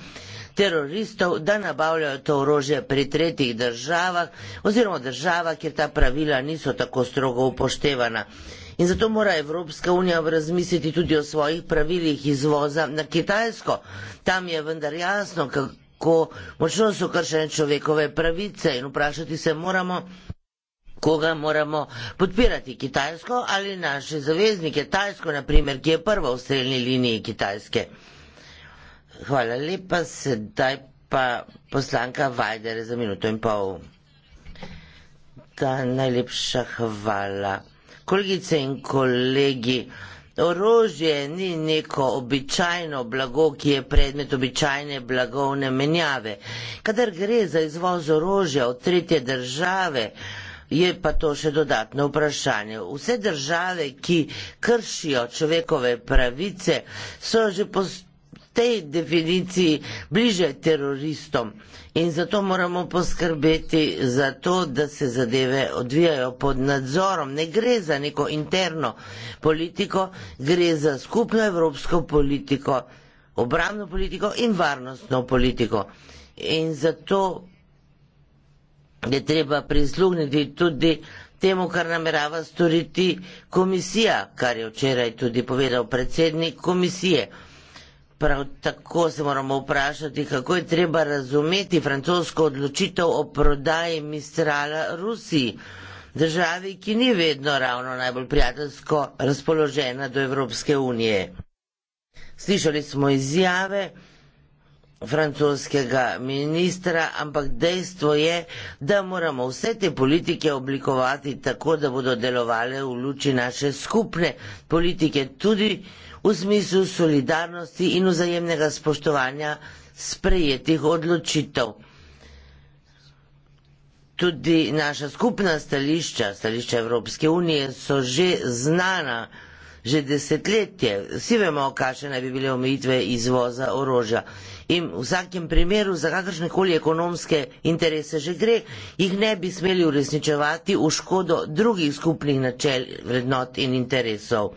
C: teroristov, da nabavljajo to orožje pri tretjih državah oziroma državah, kjer ta pravila niso tako strogo upoštevana. In zato mora Evropska unija razmisliti tudi o svojih pravilih izvoza na Kitajsko. Tam je vendar jasno, kako močno so kršene človekove pravice in vprašati se moramo, koga moramo podpirati, Kitajsko ali naše zaveznike, Tajsko naprimer, ki je prva v strelni liniji Kitajske. Hvala lepa, sedaj pa poslanka Vajder za minuto in pol. Ta najlepša hvala. Kolegice in kolegi, orožje ni neko običajno blago, ki je predmet običajne blagovne menjave. Kadar gre za izvoz orožja od tretje države, Je pa to še dodatno vprašanje. Vse države, ki kršijo človekove pravice, so že postopili tej definiciji bliže teroristom. In zato moramo poskrbeti za to, da se zadeve odvijajo pod nadzorom. Ne gre za neko interno politiko, gre za skupno evropsko politiko, obramno politiko in varnostno politiko. In zato je treba prisluhniti tudi temu, kar namerava storiti komisija, kar je včeraj tudi povedal predsednik komisije prav tako se moramo vprašati, kako je treba razumeti francosko odločitev o prodaji Mistrala Rusiji, državi, ki ni vedno ravno najbolj prijateljsko razpoložena do Evropske unije. Slišali smo izjave francoskega ministra, ampak dejstvo je, da moramo vse te politike oblikovati tako, da bodo delovale v luči naše skupne politike tudi v smislu solidarnosti in vzajemnega spoštovanja sprejetih odločitev. Tudi naša skupna stališča, stališča Evropske unije, so že znana že desetletje. Vsi vemo, kakšne naj bi bile omejitve izvoza orožja. In v vsakem primeru, za kakršne koli ekonomske interese že gre, jih ne bi smeli uresničevati v škodo drugih skupnih načel, vrednot in interesov.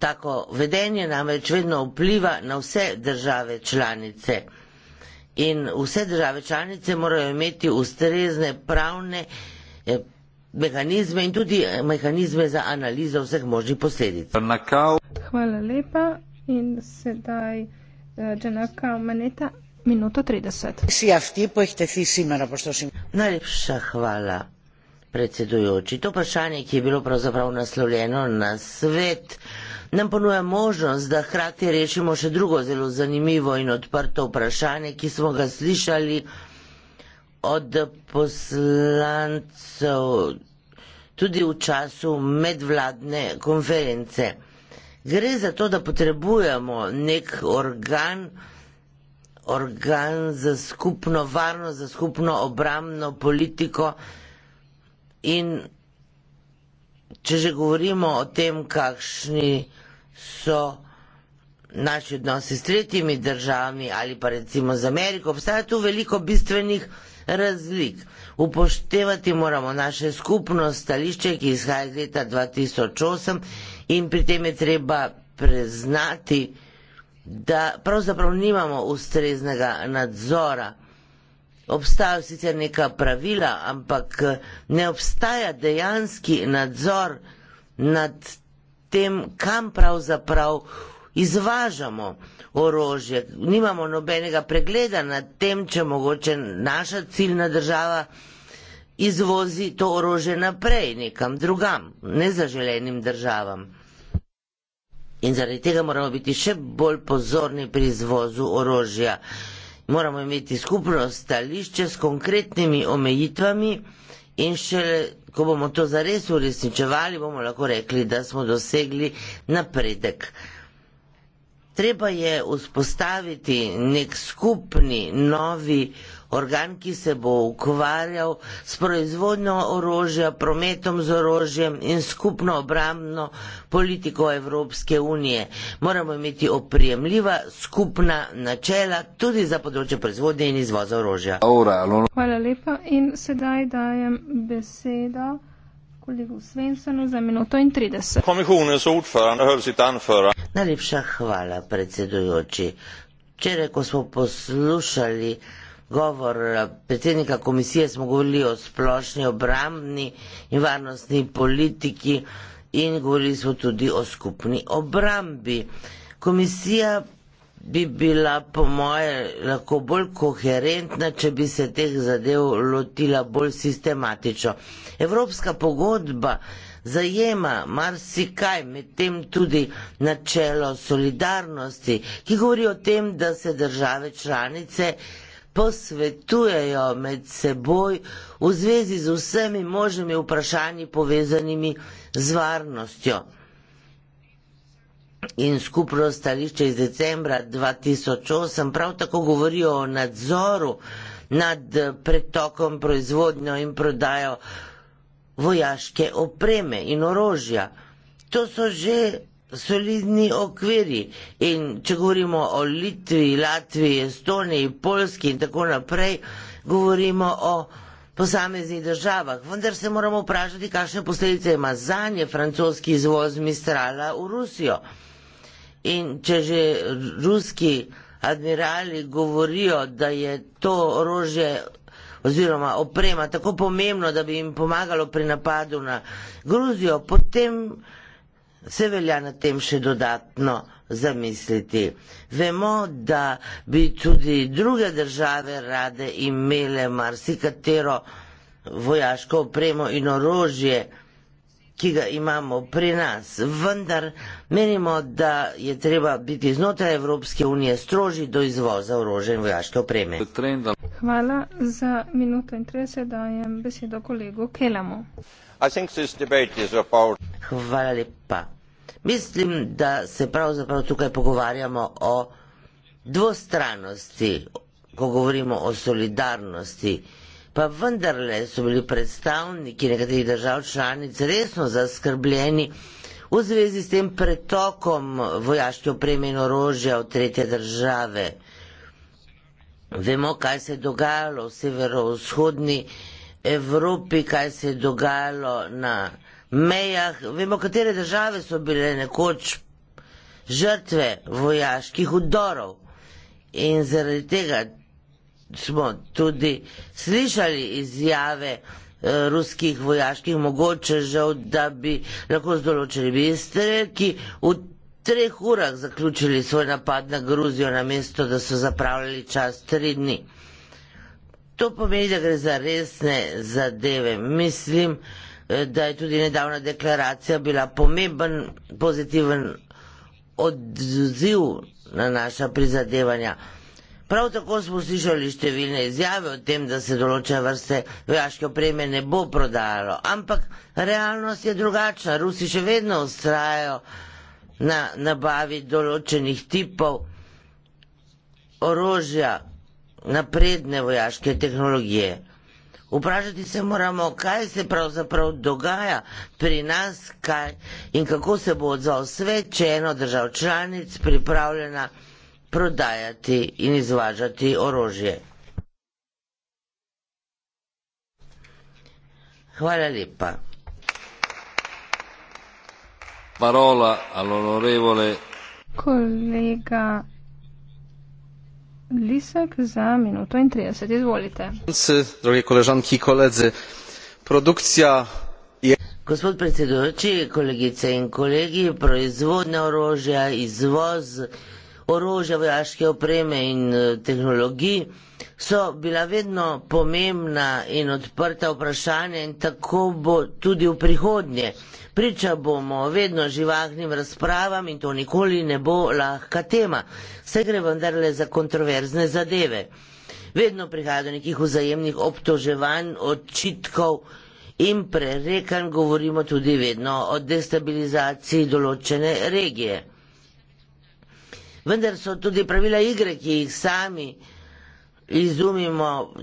C: Tako vedenje namreč vedno vpliva na vse države članice. In vse države članice morajo imeti ustrezne pravne eh, mehanizme in tudi eh, mehanizme za analizo vseh možnih posledic.
D: Hvala lepa in sedaj Džanaka eh, Maneta, minuto
C: 30. Najlepša hvala predsedujoči. To vprašanje, ki je bilo pravzaprav naslovljeno na svet, nam ponuja možnost, da hkrati rešimo še drugo zelo zanimivo in odprto vprašanje, ki smo ga slišali od poslancev tudi v času medvladne konference. Gre za to, da potrebujemo nek organ, organ za skupno varnost, za skupno obramno politiko, In če že govorimo o tem, kakšni so naši odnosi s tretjimi državami ali pa recimo z Ameriko, obstaja tu veliko bistvenih razlik. Upoštevati moramo naše skupno stališče, ki izhaja iz leta 2008 in pri tem je treba preznati, da pravzaprav nimamo ustreznega nadzora obstajajo sicer neka pravila, ampak eh, ne obstaja dejanski nadzor nad tem, kam pravzaprav izvažamo orožje. Nimamo nobenega pregleda nad tem, če mogoče naša ciljna država izvozi to orožje naprej nekam drugam, nezaželenim državam. In zaradi tega moramo biti še bolj pozorni pri izvozu orožja moramo imeti skupno stališče s konkretnimi omejitvami in šele, ko bomo to zares uresničevali, bomo lahko rekli, da smo dosegli napredek. Treba je vzpostaviti nek skupni novi organ, ki se bo ukvarjal s proizvodnjo orožja, prometom z orožjem in skupno obrambno politiko Evropske unije. Moramo imeti opremljiva skupna načela tudi za področje proizvodnje in izvoza orožja. Hvala lepa in
D: sedaj dajem besedo.
C: Najlepša hvala, predsedujoči. Včeraj, ko smo poslušali govor eh, predsednika komisije smo govorili o splošni obrambni in varnostni politiki in govorili smo tudi o skupni obrambi. Komisija bi bila po moje lahko bolj koherentna, če bi se teh zadev lotila bolj sistematično. Evropska pogodba zajema marsikaj, medtem tudi načelo solidarnosti, ki govori o tem, da se države članice posvetujejo med seboj v zvezi z vsemi možnimi vprašanji povezanimi z varnostjo. In skupno stališče iz decembra 2008 prav tako govori o nadzoru nad pretokom proizvodnjo in prodajo vojaške opreme in orožja. To so že solidni okviri. In če govorimo o Litvi, Latviji, Estoniji, Polski in tako naprej, govorimo o posameznih državah. Vendar se moramo vprašati, kakšne posledice ima zanje francoski izvoz Mistrala v Rusijo. In če že ruski admirali govorijo, da je to orožje oziroma oprema tako pomembno, da bi jim pomagalo pri napadu na Gruzijo, potem se velja na tem še dodatno zamisliti. Vemo, da bi tudi druge države rade imele marsikatero vojaško opremo in orožje, ki ga imamo pri nas. Vendar menimo, da je treba biti znotraj Evropske unije stroži do izvoza orožja in vojaške opreme.
D: Hvala za minuto in 30, da dajem besedo kolegu Kelamu.
C: Hvala lepa. Mislim, da se pravzaprav tukaj pogovarjamo o dvostranosti, ko govorimo o solidarnosti. Pa vendarle so bili predstavniki nekaterih držav članic resno zaskrbljeni v zvezi s tem pretokom vojaške opreme in orožja v tretje države. Vemo, kaj se je dogajalo v severovzhodni državi. Evropi, kaj se je dogajalo na mejah. Vemo, katere države so bile nekoč žrtve vojaških udorov. In zaradi tega smo tudi slišali izjave eh, ruskih vojaških mogočežev, da bi lahko z določenimi streki v treh urah zaključili svoj napad na Gruzijo, namesto da so zapravljali čas tri dni. To pomeni, da gre za resne zadeve. Mislim, eh, da je tudi nedavna deklaracija bila pomemben, pozitiven odziv na naša prizadevanja. Prav tako smo slišali številne izjave o tem, da se določa vrste vojaške opreme ne bo prodajalo. Ampak realnost je drugačna. Rusi še vedno ustrajajo na nabavi določenih tipov orožja, napredne vojaške tehnologije. Vprašati se moramo, kaj se pravzaprav dogaja pri nas kaj, in kako se bo odzval svet, če je eno držav članic pripravljena prodajati in izvažati orožje. Hvala lepa.
A: Parola all'onorevole
D: collega Lisek za minuto in 30. Izvolite.
A: Drugi koležanki,
C: koledzi, produkcija je... Gospod predsedujoči, kolegice in kolegi, proizvodne orožja, izvoz orožja, vojaške opreme in eh, tehnologij, so bila vedno pomembna in odprta vprašanja in tako bo tudi v prihodnje. Priča bomo vedno živahnim razpravam in to nikoli ne bo lahka tema. Vse gre vendarle za kontroverzne zadeve. Vedno prihaja do nekih vzajemnih obtoževanj, očitkov in prerekanj, govorimo tudi vedno o destabilizaciji določene regije vendar so tudi pravila igre, ki jih sami izumimo,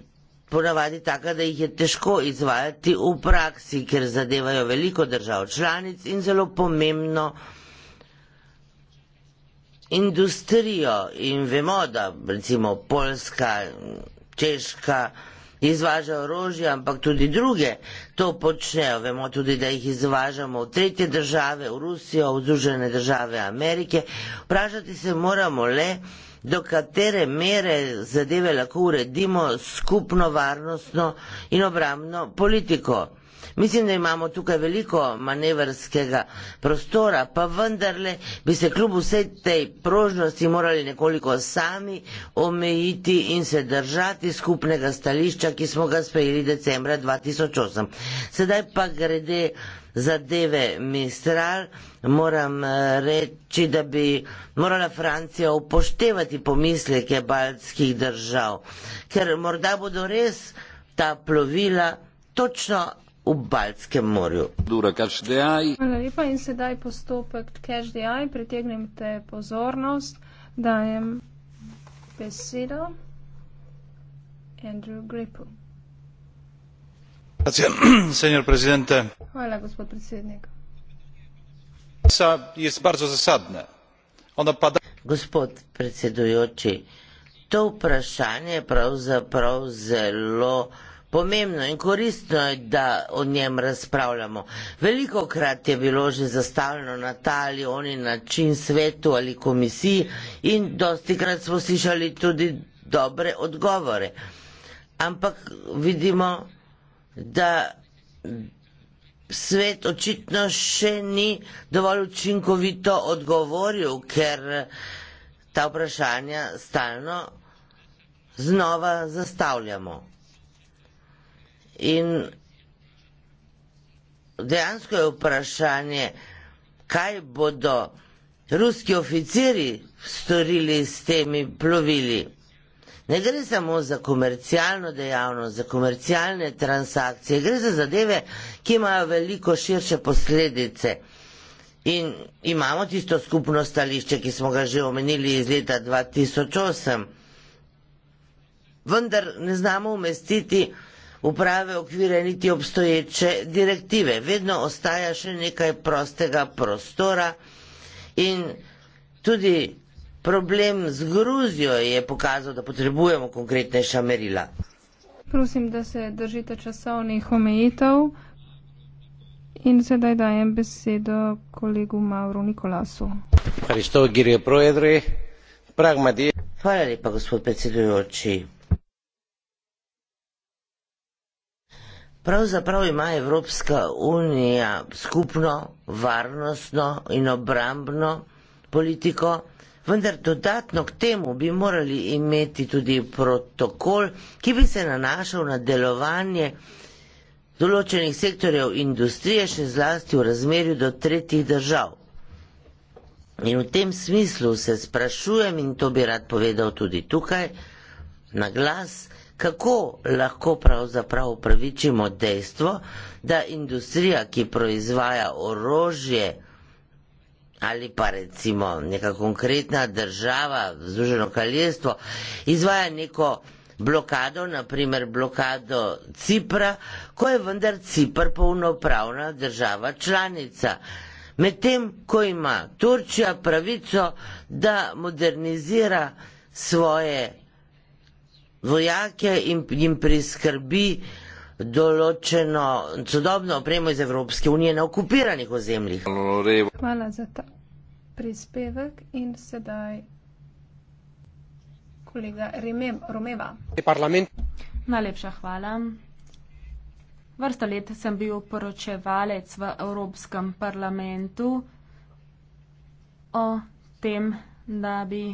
C: ponavadi taka, da jih je težko izvajati v praksi, ker zadevajo veliko držav članic in zelo pomembno industrijo. In vemo, da recimo Poljska, Češka, izvaža orožje, ampak tudi druge to počnejo. Vemo tudi, da jih izvažamo v tretje države, v Rusijo, v Združene države Amerike. Vprašati se moramo le, do katere mere zadeve lahko uredimo skupno varnostno in obramno politiko. Mislim, da imamo tukaj veliko manevrskega prostora, pa vendarle bi se kljub vsej tej prožnosti morali nekoliko sami omejiti in se držati skupnega stališča, ki smo ga sprejeli decembra 2008. Sedaj pa grede zadeve Mistral, moram eh, reči, da bi morala Francija upoštevati pomisleke baltskih držav, ker morda bodo res ta plovila točno v Baltskem morju. Dura, Hvala lepa in sedaj
D: postopek cash di, pritegnem te pozornost, dajem besedo Andrew Grippu. Hvala, gospod predsednik.
C: Pada... Gospod predsedujoči, to vprašanje je pravzaprav zelo Pomembno in koristno je, da o njem razpravljamo. Veliko krat je bilo že zastavljeno na ta ali oni način svetu ali komisiji in dosti krat smo slišali tudi dobre odgovore. Ampak vidimo, da svet očitno še ni dovolj učinkovito odgovoril, ker ta vprašanja stalno znova zastavljamo. In dejansko je vprašanje, kaj bodo ruski oficiri storili s temi plovili. Ne gre samo za komercialno dejavnost, za komercialne transakcije, gre za zadeve, ki imajo veliko širše posledice. In imamo tisto skupno stališče, ki smo ga že omenili iz leta 2008, vendar ne znamo umestiti uprave okvire niti obstoječe direktive. Vedno ostaja še nekaj prostega prostora in tudi problem z Gruzijo je pokazal, da potrebujemo konkretnejša merila.
D: Prosim, da se držite časovnih omejitev in sedaj dajem besedo kolegu Mauro Nikolasu.
C: Hvala lepa, gospod predsedujoči. Pravzaprav ima Evropska unija skupno varnostno in obrambno politiko, vendar dodatno k temu bi morali imeti tudi protokol, ki bi se nanašal na delovanje določenih sektorjev industrije, še zlasti v razmerju do tretjih držav. In v tem smislu se sprašujem, in to bi rad povedal tudi tukaj, na glas, kako lahko pravzaprav upravičimo dejstvo, da industrija, ki proizvaja orožje ali pa recimo neka konkretna država, Združeno kraljestvo, izvaja neko blokado, naprimer blokado Cipra, ko je vendar Cipr polnopravna država članica. Medtem, ko ima Turčija pravico, da modernizira svoje vojake in jim priskrbi določeno sodobno opremo iz Evropske unije na okupiranih ozemljih.
D: Hvala za ta prispevek in sedaj
B: kolega Remem Romeva. Najlepša hvala. Vrsto let sem bil poročevalec v Evropskem parlamentu o tem, da bi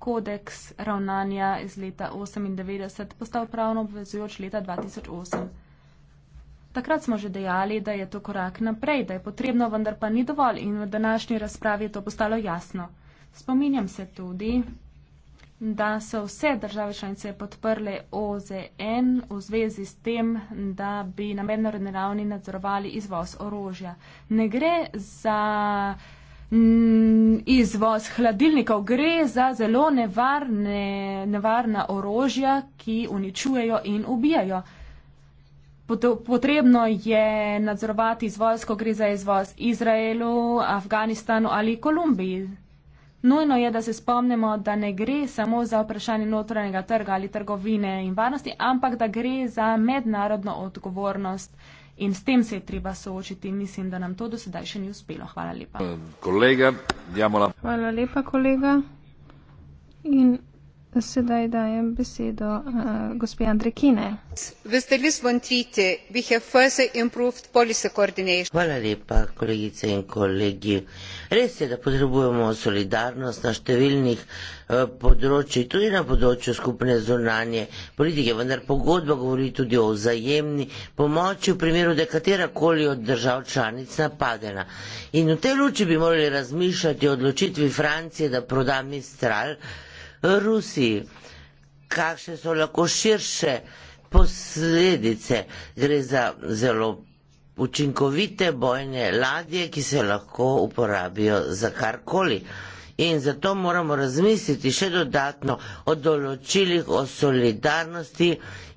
B: kodeks ravnanja iz leta 1998 postal pravno obvezujoč leta 2008. Takrat smo že dejali, da je to korak naprej, da je potrebno, vendar pa ni dovolj in v današnji razpravi je to postalo jasno. Spominjam se tudi, da so vse države članice podprle OZN v zvezi s tem, da bi na mednarodni ravni nadzorovali izvoz orožja. Ne gre za. Mm, izvoz hladilnikov. Gre za zelo nevarne, nevarna orožja, ki uničujejo in ubijajo. Potrebno je nadzorovati izvoz, ko gre za izvoz Izraelu, Afganistanu ali Kolumbiji. Nujno je, da se spomnimo, da ne gre samo za vprašanje notranjega trga ali trgovine in varnosti, ampak da gre za mednarodno odgovornost. In s tem se je treba soočiti. Mislim, da nam to do sedaj še ni uspelo. Hvala lepa.
A: Kolega, Hvala
B: lepa, kolega. In
D: Sedaj dajem besedo uh, gospe Andre Kine.
C: Hvala lepa, kolegice in kolegi. Res je, da potrebujemo solidarnost na številnih uh, področjih, tudi na področju skupne zornanje politike, vendar pogodba govori tudi o vzajemni pomoči v primeru, da je katerakoli od držav članic napadena. In v tej luči bi morali razmišljati o odločitvi Francije, da proda Mistral Rusiji, kakšne so lahko širše posledice. Gre za zelo učinkovite bojne ladje, ki se lahko uporabijo za karkoli. In zato moramo razmisliti še dodatno o določilih o solidarnosti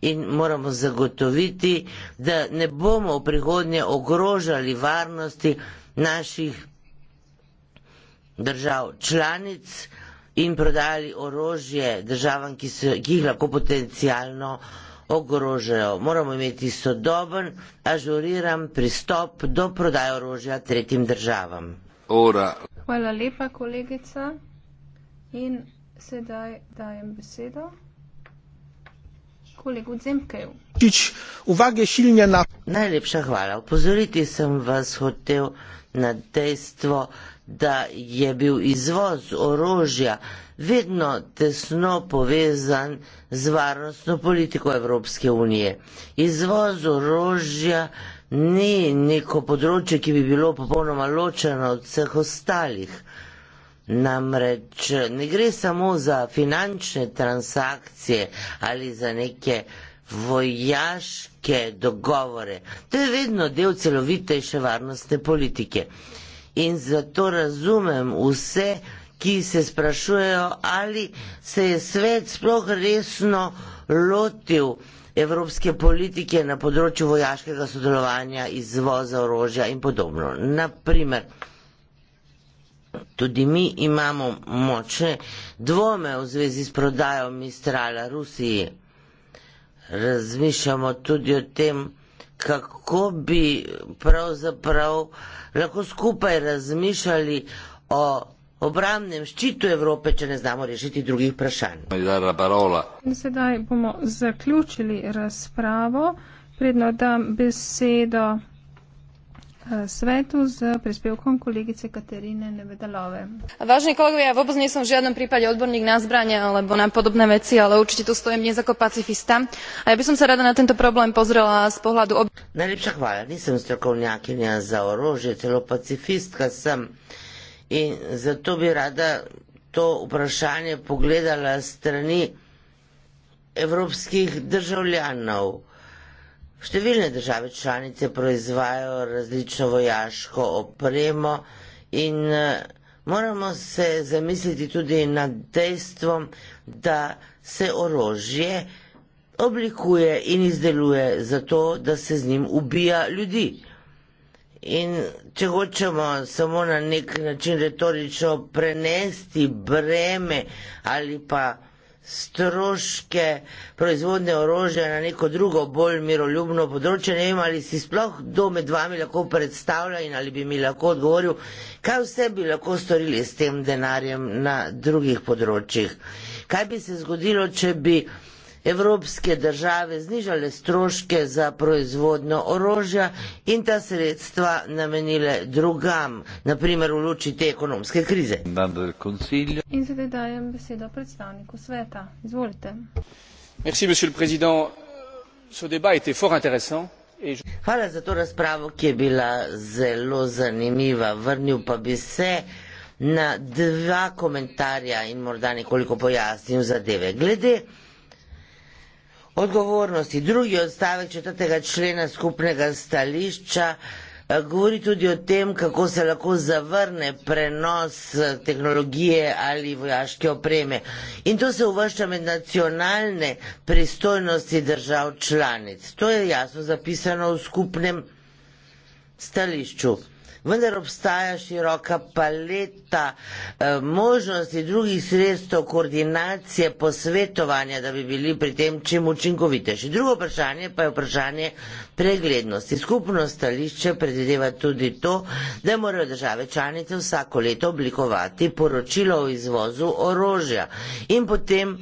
C: in moramo zagotoviti, da ne bomo v prihodnje ogrožali varnosti naših držav članic in prodajali orožje državam, ki, so, ki jih lahko potencialno ogrožajo. Moramo imeti sodoben, ažuriran pristop do prodaje orožja tretjim državam.
A: Ora.
D: Hvala lepa, kolegica. In sedaj dajem besedo kolegu Dzemkeju.
A: Čič, uvage silnje
C: na... Najlepša hvala. Upozoriti sem vas hotel na dejstvo, da je bil izvoz orožja vedno tesno povezan z varnostno politiko Evropske unije. Izvoz orožja ni neko področje, ki bi bilo popolnoma ločeno od vseh ostalih. Namreč ne gre samo za finančne transakcije ali za neke vojaške dogovore. To je vedno del celovitejše varnostne politike. In zato razumem vse, ki se sprašujejo, ali se je svet sploh resno lotil evropske politike na področju vojaškega sodelovanja, izvoza orožja in podobno. Naprimer, Tudi mi imamo močne dvome v zvezi s prodajo Mistrala Rusiji. Razmišljamo tudi o tem, kako bi pravzaprav lahko skupaj razmišljali o obramnem ščitu Evrope, če ne znamo rešiti drugih vprašanj.
D: Sedaj bomo zaključili razpravo. Predno dam besedo Eh, svetu s prispevkom kolegice Katerine Nevedalove.
B: Vážni kolegovia, ja vôbec nie som v žiadnom prípade odborník na zbranie alebo na podobné veci, ale určite tu stojím dnes ako pacifista. A ja by som sa rada na tento problém pozrela z pohľadu... Ob...
C: Najlepšia chvála, nie som strokovňákynia za orožie, telo pacifistka som. I za to by rada to vprašanje pogledala strani evropskih državljanov. Številne države članice proizvajajo različno vojaško opremo in eh, moramo se zamisliti tudi nad dejstvom, da se orožje oblikuje in izdeluje zato, da se z njim ubija ljudi. In če hočemo samo na nek način retorično prenesti breme ali pa stroške proizvodnje orožja na neko drugo, bolj miroljubno področje. Ne vem, ali si sploh kdo med vami lahko predstavlja in ali bi mi lahko odgovoril, kaj vse bi lahko storili s tem denarjem na drugih področjih. Kaj bi se zgodilo, če bi evropske države znižale stroške za proizvodno orožja in ta sredstva namenile drugam, naprimer v luči
A: te ekonomske krize.
D: In zdaj dajem besedo predstavniku sveta. Izvolite.
A: Merci,
C: Hvala za to razpravo, ki je bila zelo zanimiva. Vrnil pa bi se na dva komentarja in morda nekoliko pojasnil zadeve. Glede odgovornosti. Drugi odstavek četrtega člena skupnega stališča eh, govori tudi o tem, kako se lahko zavrne prenos eh, tehnologije ali vojaške opreme. In to se uvršča med nacionalne pristojnosti držav članic. To je jasno zapisano v skupnem stališču vendar obstaja široka paleta eh, možnosti drugih sredstev koordinacije, posvetovanja, da bi bili pri tem čim učinkovitejši. Drugo vprašanje pa je vprašanje preglednosti. Skupno stališče predvideva tudi to, da morajo države članice vsako leto oblikovati poročilo o izvozu orožja in potem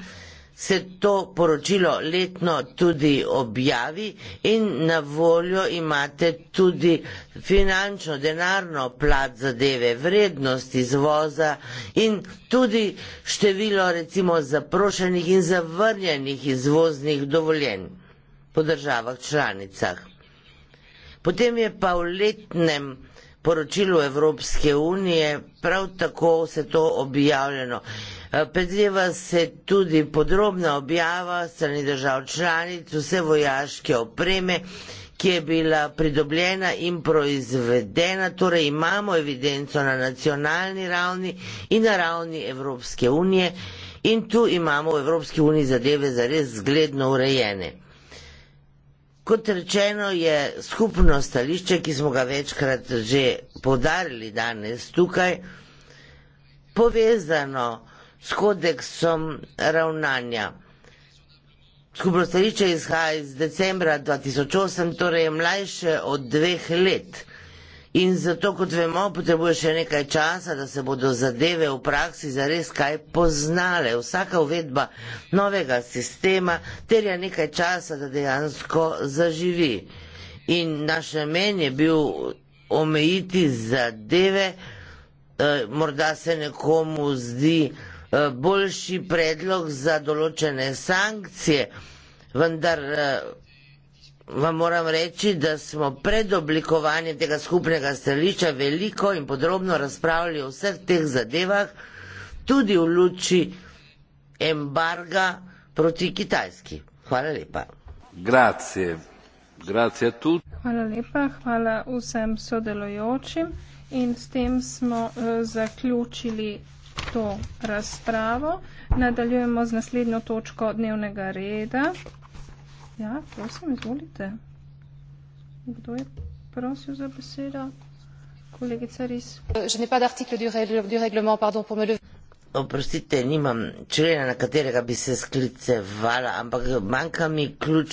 C: se to poročilo letno tudi objavi in na voljo imate tudi finančno denarno plat zadeve, vrednost izvoza in tudi število recimo zaprošenih in zavrnjenih izvoznih dovoljenj po državah članicah. Potem je pa v letnem poročilu Evropske unije prav tako se to objavljeno. Eh, Predvideva se tudi podrobna objava strani držav članic vse vojaške opreme, ki je bila pridobljena in proizvedena, torej imamo evidenco na nacionalni ravni in na ravni Evropske unije in tu imamo v Evropski uniji zadeve zares zgledno urejene. Kot rečeno je skupno stališče, ki smo ga večkrat že podarili danes tukaj, povezano s kodeksom ravnanja. Skupno stališče izhaja iz decembra 2008, torej je mlajše od dveh let. In zato, kot vemo, potrebuje še nekaj časa, da se bodo zadeve v praksi zares kaj poznale. Vsaka uvedba novega sistema terja nekaj časa, da dejansko zaživi. In naš namen je bil omejiti zadeve, e, morda se nekomu zdi, Eh, boljši predlog za določene sankcije, vendar eh, vam moram reči, da smo pred oblikovanjem tega skupnega stališča veliko in podrobno razpravljali o vseh teh zadevah, tudi v luči embarga proti Kitajski. Hvala lepa.
A: Grazie. Grazie
D: hvala lepa, hvala vsem sodelujočim in s tem smo uh, zaključili to razpravo. Nadaljujemo z naslednjo točko dnevnega reda. Ja, prosim, izvolite. Kdo je prosil za besedo? Kolegica Ris. Že ne pa da artikel du reglement, pardon, pomelju.
C: Oprostite, nimam člena, na katerega bi se skliceval, ampak manjka mi ključ